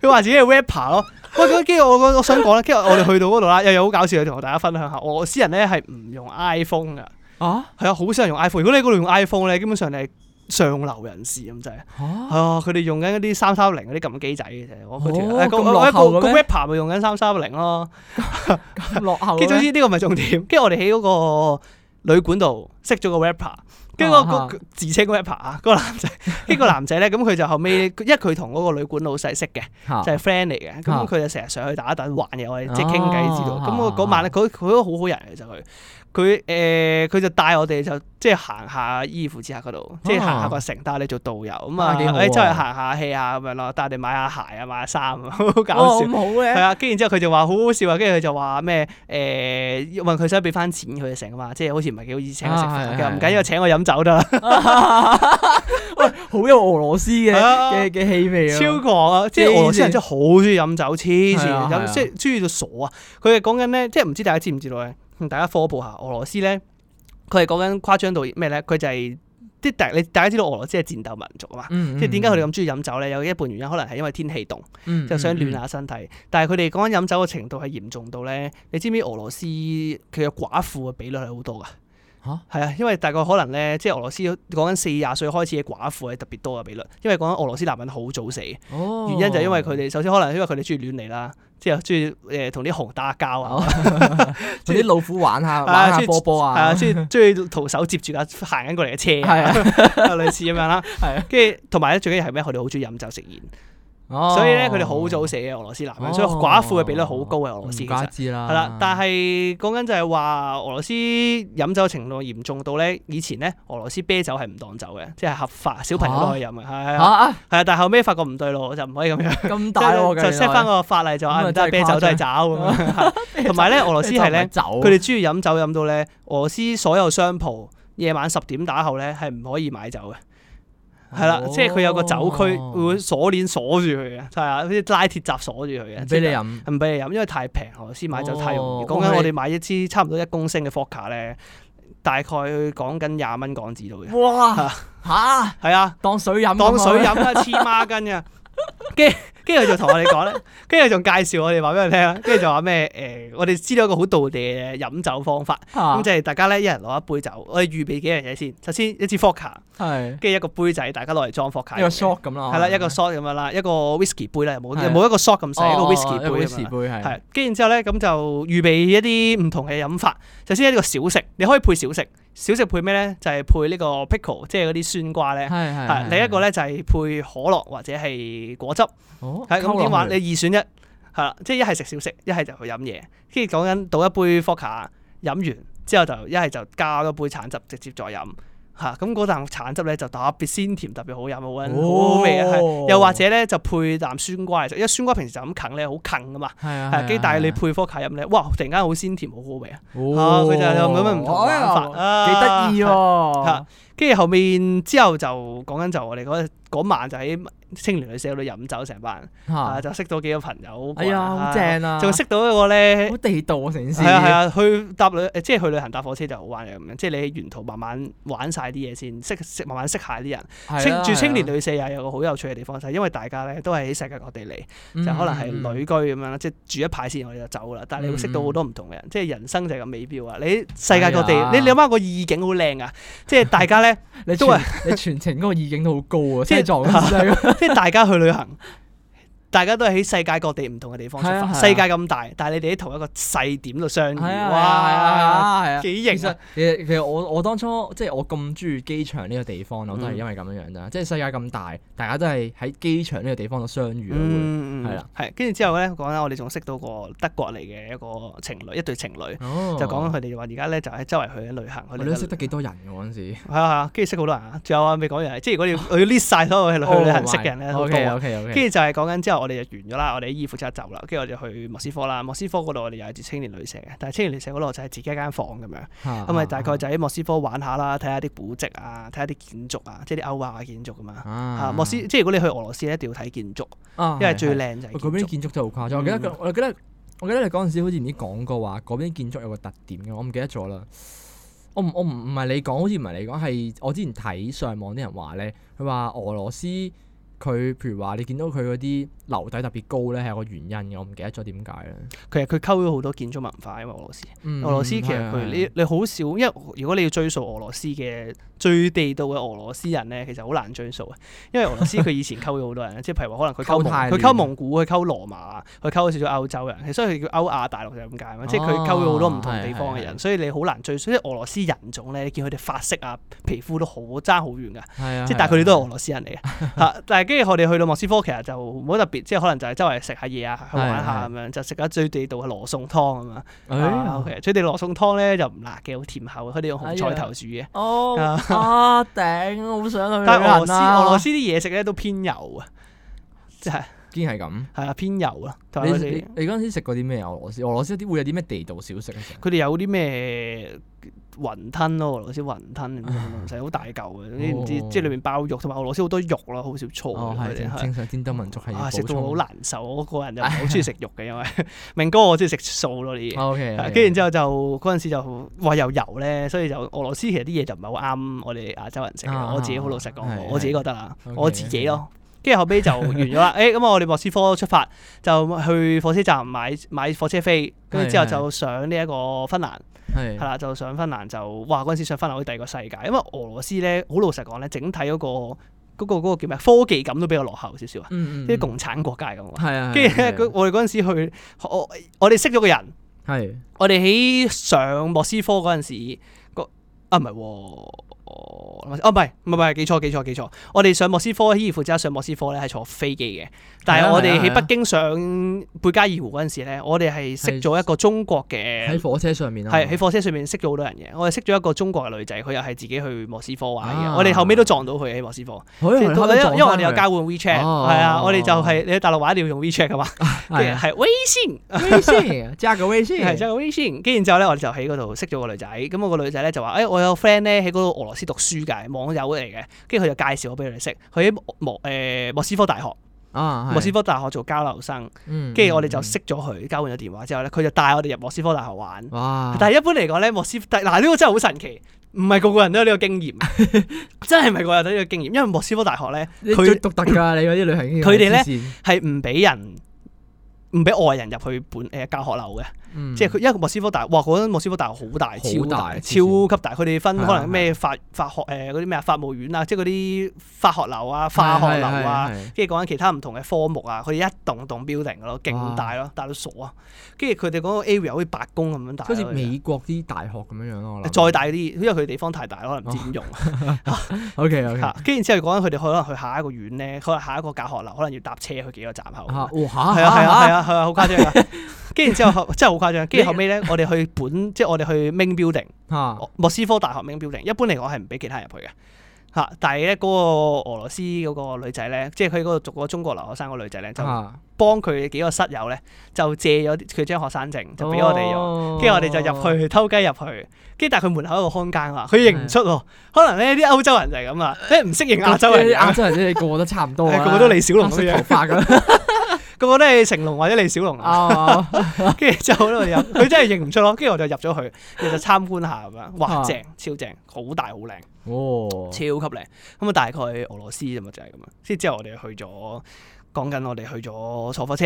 佢話自己係 rapper 咯。喂，跟住我，我想講咧，跟住我哋去到嗰度啦， 又有好搞笑嘅同大家分享下。俄羅斯人咧係唔用 iPhone 噶，啊，係啊，好少人用 iPhone。如果你嗰度用 iPhone 咧，基本上你係上流人士咁滯。嚇，係啊，佢哋、啊、用緊嗰啲三三零嗰啲撳機仔嘅啫。我覺得，哎，個個 rapper 咪用緊三三零咯，咁 落後。跟住總之呢個唔係重點。跟住我哋喺嗰個旅館度識咗個 rapper。跟住我個自稱 rapper 啊，嗰、啊、個男仔，呢 個男仔咧，咁佢就後尾因為佢同嗰個旅館老細識嘅，就係 friend 嚟嘅，咁佢就成日上去打等玩嘢，即係傾偈知道。咁我嗰晚咧，佢佢都好好人嘅、啊、就佢。佢誒，佢就帶我哋就即係行下衣服之下嗰度，即係行下個城，帶你做導遊咁啊，誒，即係行下氣啊咁樣咯，帶我買下鞋啊，買下衫啊，好搞笑。哦，冇係啊，跟住之後佢就話好好笑啊，跟住佢就話咩誒，問佢使俾翻錢佢哋成啊嘛，即係好似唔係幾好意思請佢食飯嘅，唔緊要，請我飲酒得啦。喂，好有俄羅斯嘅嘅嘅氣味，超狂啊！即係俄羅斯人真係好中意飲酒，黐線，即係中意到傻啊！佢哋講緊咧，即係唔知大家知唔知道咧？同大家科普下，俄羅斯咧，佢係講緊誇張到咩咧？佢就係啲大你大家知道俄羅斯係戰鬥民族啊嘛，即係點解佢哋咁中意飲酒咧？有一半原因可能係因為天氣凍，就、嗯嗯嗯嗯、想暖下身體。但係佢哋講緊飲酒嘅程度係嚴重到咧，你知唔知俄羅斯佢嘅寡婦嘅比率係好多噶？嚇、啊，係啊，因為大概可能咧，即、就、係、是、俄羅斯講緊四廿歲開始嘅寡婦係特別多嘅比率，因為講緊俄羅斯男人好早死，哦、原因就係因為佢哋首先可能因為佢哋中意亂嚟啦。即係中意誒同啲熊打交啊，同啲、oh, 老虎玩下， 玩下波波 啊，係 啊，中意中意徒手接住架行緊過嚟嘅車，類似咁樣啦。係 是啊，跟住同埋咧，最緊要係咩？佢哋好中意飲酒食煙。哦、所以咧，佢哋好早死嘅，俄羅斯男人，哦、所以寡婦嘅比率好高嘅俄羅斯。唔怪知係啦，但係講緊就係話俄羅斯飲酒程度嚴重到咧，以前咧俄羅斯啤酒係唔當酒嘅，即係合法，小朋友都可以飲嘅。嚇、啊！係啊，但後尾發覺唔對路，就唔可以咁樣。咁 就 set 翻個法例就話，即係啤酒都係 酒咁。同埋咧，俄羅斯係咧，佢哋中意飲酒飲到咧，俄羅斯所有商鋪夜晚十點打後咧係唔可以買酒嘅。係啦，即係佢有個酒區會鎖鏈，鎖住佢嘅，係啊，啲拉鐵閘鎖住佢嘅。唔俾你飲，唔俾你飲，因為太平俄羅斯買酒太容易。講緊我哋買一支差唔多一公升嘅伏卡咧，大概講緊廿蚊港紙到嘅。哇！吓？係啊，當水飲，當水飲啊，黐孖筋啊，嘅。跟住就同我哋講啦，跟住仲介紹我哋話俾佢聽，跟住就話咩誒，我哋知道一個好道地嘅飲酒方法，咁即係大家咧一人攞一杯酒，我哋預備幾樣嘢先。首先一支 vodka，跟住一個杯仔，大家攞嚟裝 vodka，一個 shot 咁啦，係啦，一個 shot 咁樣啦，一個 whisky 杯啦，冇冇，一個 shot 咁細一個 whisky 杯啊嘛，係，跟住之後咧咁就預備一啲唔同嘅飲法，首先一個小食，你可以配小食。小食配咩咧？就係、係、配呢個 pickle，即係嗰啲酸瓜咧。係係係。另一個咧就係配可樂或者係果汁。哦。咁點玩？你二選一。係啦，即係一係食小食，一係就去飲嘢。跟住講緊倒一杯 Vodka，飲完之後就一係就加多杯橙汁，直接再飲。嚇咁嗰啖橙汁咧就特別鮮甜，特別好飲，好、哦、好味啊！又或者咧就配啖酸瓜嚟食，因為酸瓜平時就咁啃咧好啃噶嘛，係、啊啊。跟住但係你配科卡飲咧，是啊、哇！突然間好鮮甜，好好味、哦、啊！佢就用咁樣唔同嘅玩法，幾得意喎！跟住、啊啊、後，後面之後就講緊就我哋嗰晚就喺。青年旅社度飲酒成班人，就識到幾個朋友。哎呀，好正啊！就識到一個咧，好地道啊！成件事，係啊，係啊，去搭旅，即係去旅行搭火車就好玩咁樣。即係你喺沿途慢慢玩晒啲嘢先，識慢慢識下啲人。住青年旅社又係一個好有趣嘅地方，就係因為大家咧都係喺世界各地嚟，就可能係旅居咁樣，即係住一排先我哋就走啦。但係你會識到好多唔同嘅人，即係人生就係咁美妙啊！你世界各地，你你諗下個意境好靚啊！即係大家咧，你都係你全程嗰個意境都好高啊！即係狀態。即 係大家去旅行。大家都係喺世界各地唔同嘅地方出發，世界咁大，但係你哋喺同一個細點度相遇，哇，係啊，係幾型啊！其實我我當初即係我咁中意機場呢個地方，我都係因為咁樣樣啫。即係世界咁大，大家都係喺機場呢個地方度相遇，係啦。係跟住之後咧，講緊我哋仲識到個德國嚟嘅一個情侶，一對情侶，就講緊佢哋話而家咧就喺周圍去旅行。你都識得幾多人㗎嗰陣時。係啊係啊，跟住識好多人。仲有啊，未講完，即係如果你要 list 曬所有去旅行識嘅人咧，好多跟住就係講緊之後。我哋就完咗啦，我哋啲衣服就走啦，跟住我哋去莫斯科啦。莫斯科嗰度我哋又係住青年旅社嘅，但係青年旅社嗰度就係自己一間房咁樣，咁啊大概就喺莫斯科玩下啦，睇下啲古跡啊，睇下啲建築啊，即係啲歐化建築咁啊。莫斯科即係如果你去俄羅斯一定要睇建築，因為最靚就係嗰邊建築就好誇張。我記得我我記得我記得你嗰陣時好似唔知講過話，嗰邊建築有個特點嘅，我唔記得咗啦。我唔我唔唔係你講，好似唔係你講，係我之前睇上網啲人話咧，佢話俄羅斯。佢譬如話，你見到佢嗰啲樓底特別高呢，係有個原因嘅，我唔記得咗點解啦。其實佢溝咗好多建築文化因為，俄羅斯。嗯、俄羅斯其實佢的你你好少，因為如果你要追溯俄羅斯嘅。最地道嘅俄羅斯人咧，其實好難追溯。啊，因為俄羅斯佢以前溝咗好多人，即係譬如話可能佢溝佢溝蒙古，佢溝羅馬，佢溝咗少少歐洲人，所以佢叫歐亞大陸就係咁解嘛，即係佢溝咗好多唔同地方嘅人，所以你好難追溯。即係俄羅斯人種咧，見佢哋髮色啊、皮膚都好差、好遠㗎，即但係佢哋都係俄羅斯人嚟嘅。但係跟住我哋去到莫斯科，其實就冇特別，即係可能就係周圍食下嘢啊，去玩下咁樣，就食咗最地道嘅羅宋湯啊嘛。O.K. 最地道羅宋湯咧就唔辣嘅，好甜口，佢哋用紅菜頭煮嘅。啊頂！我好 想去旅行啊。但係俄羅斯俄羅斯啲嘢、啊、食咧都偏油啊，真、就、係、是。堅係咁，係啊，偏油啊！同埋你你你嗰陣時食過啲咩俄羅斯？俄羅斯啲會有啲咩地道小食？佢哋有啲咩雲吞咯？俄羅斯雲吞，唔使好大嚿嘅，啲唔知即係裏面包肉，同埋俄羅斯好多肉咯，好少醋。正常，戰鬥民族係食到好難受。我個人就好中意食肉嘅，因為明哥我中意食素咯呢啲。OK，跟住然之後就嗰陣時就話又油咧，所以就俄羅斯其實啲嘢就唔係好啱我哋亞洲人食。我自己好老實講，我自己覺得啊，我自己咯。跟住後尾就完咗啦，誒咁、 欸、我哋莫斯科出發，就去火車站買買火車飛，跟住之後就上呢一個芬蘭，係是是 啦，就上芬蘭就哇，嗰陣時上芬蘭去第二個世界，因為俄羅斯咧好老實講咧，整體嗰、嗰個嗰、嗰個嗰個叫咩科技感都比較落後少少，啊，即係共產國家咁，跟住佢我哋嗰陣時去我哋識咗個人，係是是 我哋喺上莫斯科嗰陣時啊唔係喎。哦，唔係、啊，唔係，唔係，記錯，記錯，記錯。我哋上莫斯科，伊爾庫茲上莫斯科咧係坐飛機嘅，但係我哋喺北京上貝加爾湖嗰陣時咧，我哋係識咗一個中國嘅。喺火車上面啊。係喺火車上面識咗好多人嘅，我哋識咗一個中國嘅女仔，佢又係自己去莫斯科玩嘅。啊、我哋後尾都撞到佢喺莫斯科。哎、因為我哋有交換 WeChat，係啊，啊我哋就係、是啊、你喺大陸玩一定要用 WeChat 噶嘛、啊，係、啊、微信，微信，加個 微信，係加個微信。跟然之後咧，我哋就喺嗰度識咗個女仔，咁、那、我個女仔咧就話：，誒、哎，我有 friend 咧喺嗰度俄羅先讀書嘅網友嚟嘅，跟住佢就介紹我俾佢哋識，佢喺莫誒、呃、莫斯科大學，啊、莫斯科大學做交流生，跟住、嗯、我哋就識咗佢，嗯、交換咗電話之後咧，佢就帶我哋入莫斯科大學玩。哇！但係一般嚟講咧，莫斯科嗱呢個真係好神奇，唔係個個人都有呢個經驗， 真係唔係個個人都有呢個經驗，因為莫斯科大學咧，佢獨特噶，他 你嗰啲旅行經驗，佢哋咧係唔俾人唔俾外人入去本誒、呃、教學樓嘅。即係佢，因為莫斯科大學，哇！嗰間莫斯科大學好大，超大，超級大。佢哋分可能咩法法學誒嗰啲咩啊，法務院啊，即係嗰啲法學樓啊、化學樓啊，跟住講緊其他唔同嘅科目啊，佢哋一棟棟 building 咯，勁大咯，大到傻啊！跟住佢哋嗰個 area 好似白宮咁樣大，好似美國啲大學咁樣樣咯。再大啲，因為佢地方太大，可能唔知點用。OK OK。跟住之後講緊佢哋可能去下一個院咧，可能下一個教學樓可能要搭車去幾個站口。哇！係啊係啊係啊係啊，好誇張啊。跟住之後真係好誇張，跟住後尾咧，我哋去本你即係我哋去 Main Building， 莫斯科大學 Main Building。一般嚟講係唔俾其他人入去嘅吓，但係咧嗰個俄羅斯嗰個女仔咧，即係佢嗰度讀個中國留學生嗰女仔咧，就幫佢幾個室友咧就借咗佢張學生證，就俾我哋用。跟住、哦、我哋就入去偷雞入去，跟住，但係佢門口喺度看更啊，佢認唔出喎。的可能咧啲歐洲人就係咁啊，即係唔識認亞洲人。亞洲人即係個個都差唔多啊。我都李 小龍嘅頭 個個都係成龍或者李小龍啊，跟住之後呢，佢真係認唔出咯。跟住 我就入咗去，其實 參觀下咁樣，哇，正，超正，好大好靚，哦，超級靚。咁啊，大概俄羅斯啊嘛，就係、是、咁樣。即之後我哋去咗，講緊我哋去咗坐火車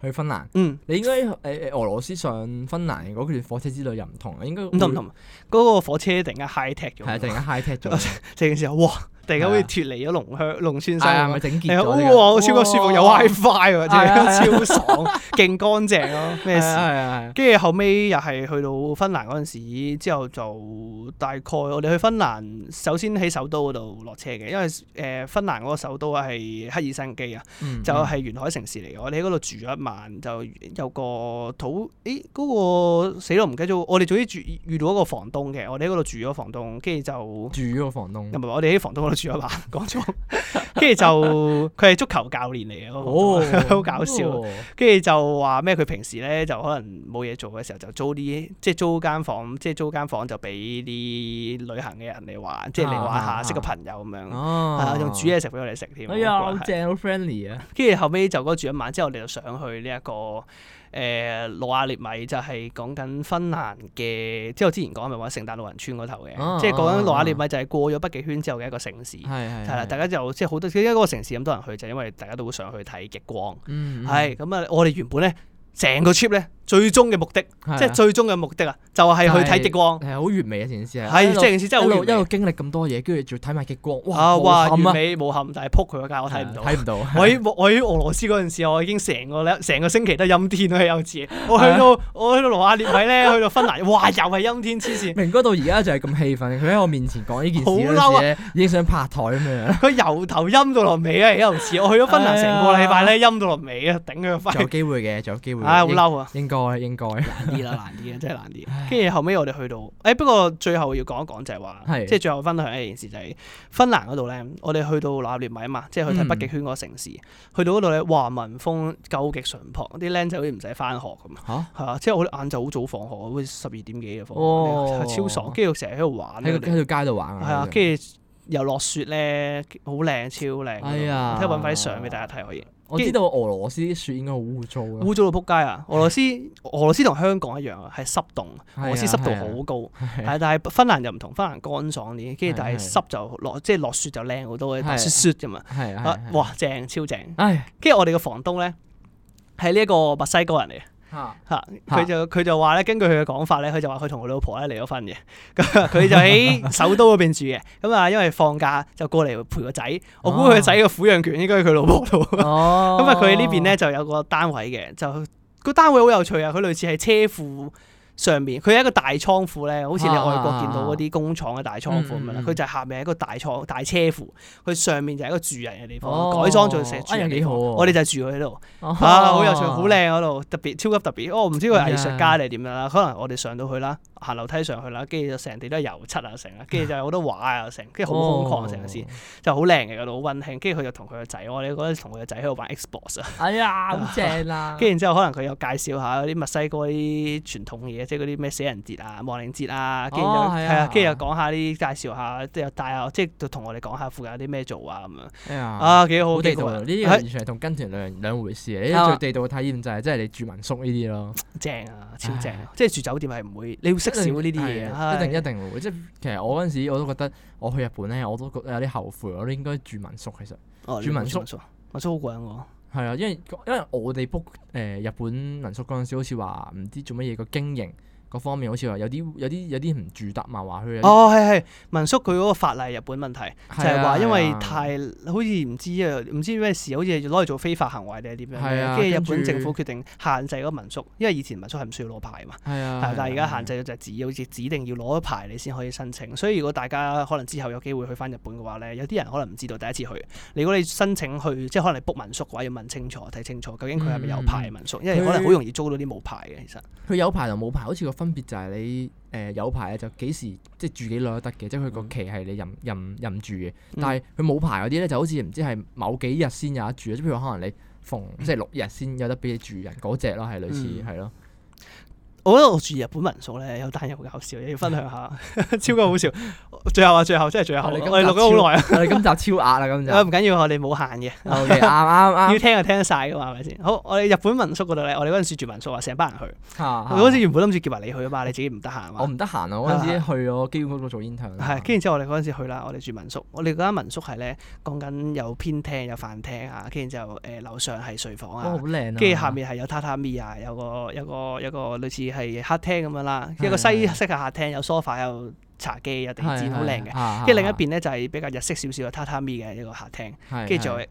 去芬蘭。嗯，你應該誒、呃、俄羅斯上芬蘭，如果佢哋火車之類又唔同，應該唔同唔同。嗰、那個火車突然間 high tech 咗，係突然間 high tech 咗，真係 哇！突然間好似脫離咗農鄉、農村生活，係咪整件咗？哇！超級舒服，有 WiFi 喎，超爽，勁乾淨咯。咩事？跟住後尾又係去到芬蘭嗰陣時，之後就大概我哋去芬蘭，首先喺首都嗰度落車嘅，因為誒芬蘭嗰個首都係赫爾辛基啊，就係沿海城市嚟。我哋喺嗰度住咗一晚，就有個土誒嗰個死都唔記得咗。我哋早啲住遇到一個房東嘅，我哋喺嗰度住咗房東，跟住就住咗個房東。唔係，我哋喺房東住一晚，講錯 就，跟住就佢係足球教練嚟嘅，好、哦、 搞笑。跟住、哦、就話咩？佢平時咧就可能冇嘢做嘅時候，就租啲即係租間房，即係租間房就俾啲旅行嘅人嚟玩，即係嚟玩下、啊、識個朋友咁樣，仲煮嘢食俾我哋食添。哎呀，好正，好 friendly 啊。跟住後尾就嗰住一晚之後，我哋就上去呢、這、一個。誒、呃、羅亞列米就係講緊芬蘭嘅，即係我之前講咪話聖誕老人村嗰頭嘅，啊、即係講緊羅亞列米就係過咗北極圈之後嘅一個城市，係啦、啊，啊、大家就即係好多，因為嗰個城市咁多人去，就係、是、因為大家都會想去睇極光，係咁啊！嗯、我哋原本咧，成個 trip 咧，最終嘅目的，啊、即係最終嘅目的啊！啊就係去睇極光，好完美啊！嗰陣時係，即係嗰陣時真係一路一路經歷咁多嘢，跟住仲要睇埋極光，哇哇完美無憾。但係撲佢嗰間我睇唔到。睇唔到。我喺我喺俄羅斯嗰陣時，我已經成個成個星期都陰天啦，有時我去到我去到羅亞列米咧，去到芬蘭，哇又係陰天黐線。明哥到而家就係咁氣憤，佢喺我面前講呢件事好嬲啊！已經想拍台咁樣，佢由頭陰到落尾啊！有時我去咗芬蘭成個禮拜咧，陰到落尾啊！頂佢個肺。有機會嘅，有機會。啊！好嬲啊！應該應該難啲啦，難啲嘅真係難啲。跟住後尾我哋去到，誒、哎、不過最後要講一講就係、是、話，是即係最後分享一件事就係芬蘭嗰度咧，我哋去到羅凡尼米啊嘛，即係去睇北極圈嗰個城市，嗯、去到嗰度咧，哇文風究極純樸，啲靚仔好似唔使翻學咁啊，啊，即係我啲晏晝好早放學，好似十二點幾嘅放學，哦、超爽，跟住成日喺度玩，喺喺條街度玩啊，跟住種又落雪咧，好靚超靚，睇下揾返相俾大家睇可以。我知道俄羅斯啲雪應該好污糟嘅，污糟到撲街啊！俄羅斯 俄羅斯同香港一樣啊，係濕凍，俄羅斯濕度好高，係， 但係芬蘭就唔同，芬蘭乾爽啲，跟住但係濕就落， 即係落雪就靚好多嘅， 白雪雪啫嘛， 哇，正，超正！跟住 我哋嘅房東咧係呢一個墨西哥人嚟嘅。啊！嚇，佢就佢就話咧，根據佢嘅講法咧，佢就話佢同佢老婆咧離咗婚嘅，咁 佢就喺首都嗰邊住嘅，咁啊，因為放假就過嚟陪個仔，啊、我估佢仔嘅撫養權應該係佢老婆度，咁 啊，佢呢 邊咧就有個單位嘅，就個單位好有趣啊，佢類似係車庫。上面佢係一個大倉庫咧，好似、啊、你外國見到嗰啲工廠嘅大倉庫咁樣啦。佢、嗯、就係下面係一個大倉大車庫，佢上面就係一個住人嘅地方，哦、改裝咗成住人。啱幾好，我哋就住喺度，哦、啊好有趣，好靚嗰度，哦、特別超級特別。哦，我唔知佢藝術家定係點樣啦。嗯、可能我哋上到去啦。行樓梯上去啦，跟住就成地都係油漆啊，成，跟住就係好多畫啊，成，跟住好空曠。成、哦、個市，就好靚嘅嗰度，好溫馨。跟住佢就同佢個仔，我哋覺得同佢個仔喺度玩 Xbox 啊，係啊、哎，好正啊。跟住然之後，可能佢又介紹下啲墨西哥啲傳統嘢，即係嗰啲咩死人節啊、亡靈節啊。哦，係跟住又講下啲，介紹下，下，即係帶下，即係同我哋講下附近有啲咩做啊咁樣。啊。哎、呀啊，幾好。地道。呢啲完全係同跟團兩兩回事啊。啊、哎。你最地道嘅體驗就係即係你住民宿呢啲咯。啊正啊，超正、啊！呀即係住酒店係唔會，你會。即少呢啲嘢，的的一定一定會。即的其實我嗰陣時我都覺得，我去日本咧，我都覺得有啲後悔，我都應該住民宿。其實、哦、住民宿住民宿好貴。係啊，因為因為我哋 book 誒日本民宿嗰陣時，好似話唔知做乜嘢個經營。各方面好似話有啲有啲有啲唔住搭漫畫去。哦，係係民宿佢嗰個法例日本問題的就係話因為太的好似唔知啊唔知咩事好似攞嚟做非法行為定係點樣咧？跟住日本政府決定限制嗰民宿，因為以前民宿係唔需要攞牌嘛。的但係而家限制咗就只好似指定要攞牌你先可以申請。所以如果大家可能之後有機會去翻日本嘅話咧，有啲人可能唔知道第一次去，如果你申請去即係可能你 book 民宿嘅話，要問清楚睇清楚究竟佢係咪有牌民宿，嗯、因為可能好容易租到啲冇牌嘅他其實。佢有牌同冇牌好似分別就係你誒、呃、有牌就幾時即係住幾耐都得嘅，即係佢個期係你任、嗯、任任住嘅。但係佢冇牌嗰啲咧，就好似唔知係某幾日先有得住，即譬如話可能你逢即係六日先有得俾你住人嗰隻咯，係類似係咯。嗯。我覺得我住日本民宿咧，有單又搞笑，要分享下，超級好笑。最後啊，最後真係最後，你錄咗好耐啊！我哋今集超額啦，咁就唔緊要，我哋冇限嘅。OK，啱啱啱。要聽就聽得曬噶嘛，係咪先？好，我哋日本民宿嗰度咧，我哋嗰陣時住民宿啊，成班人去。嚇！我好似原本諗住叫埋你去啊嘛，你自己唔得閒嘛。我唔得閒啊，我嗰陣時去咗基本工作做 intern。係，跟住之後我哋嗰陣時去啦，我哋住民宿，我哋嗰間民宿係咧講緊有偏廳、有飯廳啊，跟住就誒樓上係睡房啊，好靚啊，跟住下面係有榻榻米啊，有個有個有個類似。係客廳咁樣啦，一個西式嘅客廳有 sofa 有茶几有地毯，好靚嘅。跟住另一邊咧就係比較日式少少嘅榻榻米嘅一個客廳，跟住就誒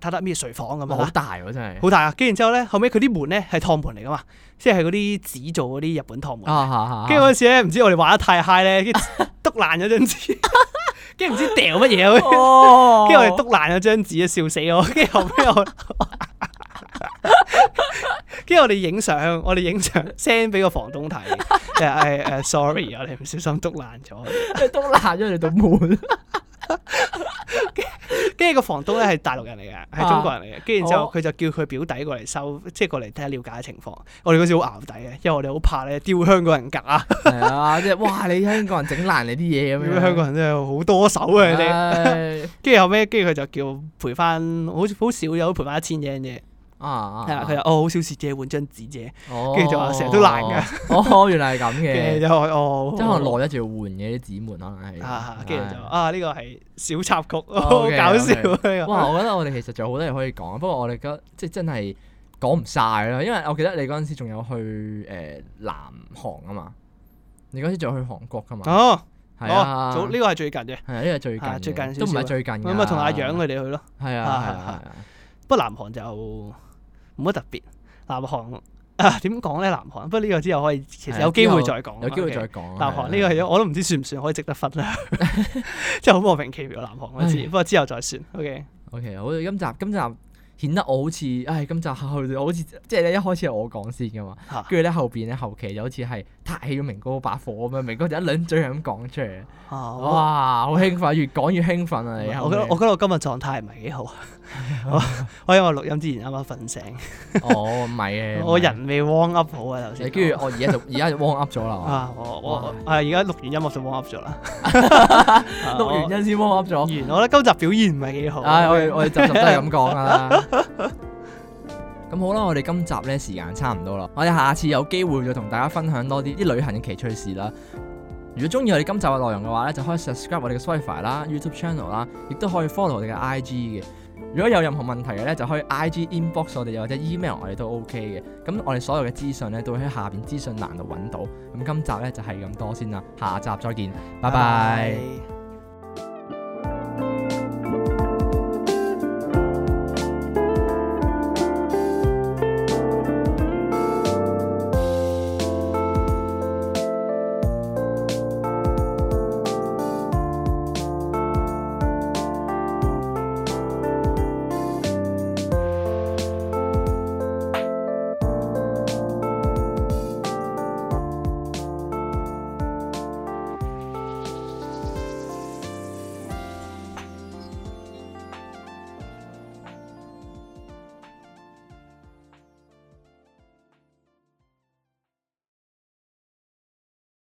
榻榻米嘅睡房咁啊，好大喎，真係！好大啊！跟住之後咧，後尾佢啲門咧係趟門嚟噶嘛，即係嗰啲紙做嗰啲日本趟門。跟住嗰陣時咧，唔知我哋玩得太 high 咧，跟住篤爛咗張紙，跟住唔知掉乜嘢。跟住我哋篤爛咗張紙，笑死我。跟住後尾我。跟住 我哋影相，我哋影相 send 俾個房東睇。誒誒 sorry 我哋唔小心篤爛咗，篤爛咗你度門。跟住個房東咧係大陸人嚟嘅，係中國人嚟嘅。跟住之後就佢、啊哦、就叫佢表弟過嚟收，即、就、係、是、過嚟睇下了解嘅情況。我哋嗰時好淆底嘅，因為我哋好怕咧丟香港人架係啊，即 係 哇！你香港人整爛你啲嘢咁樣，香港人真係好多手嘅、啊、你哋。跟住 後尾，跟住佢就叫賠翻，好好少有，都賠翻一千幾蚊嘅。啊，係啊！佢話我好少事借換張紙借，跟住就話成日都爛㗎。哦，原來係咁嘅。即可能耐咗就要換嘅啲紙門可能係。跟住就啊，呢個係小插曲，好搞笑哇！我覺得我哋其實仲有好多嘢可以講，不過我哋嗰即真係講唔晒啦。因為我記得你嗰陣時仲有去誒南韓啊嘛，你嗰陣時仲有去韓國㗎嘛？哦，係呢個係最近嘅。係呢個最近，最近都唔係最近嘅。咁咪同阿楊佢哋去咯。係啊，係啊，係啊。不過南韓就～冇乜特別，南韓啊點講咧？南韓不過呢個之後可以，其實有機會再講，有機會再講。南韓呢個係我都唔知算唔算可以值得分享，真係好莫名其妙。南韓嗰次，不過之後再算。O K O K，好，今集今集顯得我好似唉，今集後好似即係一開始係我講先嘅嘛，跟住咧後邊咧後期就好似係撻起咗明哥把火咁樣，明哥就一輪嘴咁講出嚟，哇，好興奮，越講越興奮啊！我覺得我覺得我今日狀態唔係幾好。 我因為我錄音之前啱啱瞓醒，哦、 oh, 啊，唔係嘅，我人未 warm up 好啊，頭先，跟住我而家就而家 就 warm up 咗啦，我而家錄完音樂就 warm up 咗啦，錄完音先 warm up 咗，完，我覺得今集表現唔係幾好，係、 哎，我哋我哋集集都係咁講噶啦，咁好啦，我哋 今集咧時間差唔多啦，我哋下次有機會再同大家分享多啲啲旅行嘅奇趣事啦。如果中意我哋今集嘅內容嘅話咧，就可以 subscribe 我哋嘅 Spotify 啦、YouTube channel 啦，亦都可以 follow 我哋嘅 IG 嘅。如果有任何問題嘅咧，就可以 I G inbox 我哋，又或者 email 我哋都 OK 嘅。咁我哋所有嘅資訊咧，都會喺下邊資訊欄度揾到。咁今集咧就係咁多先啦，下集再見，拜拜 bye。Bye bye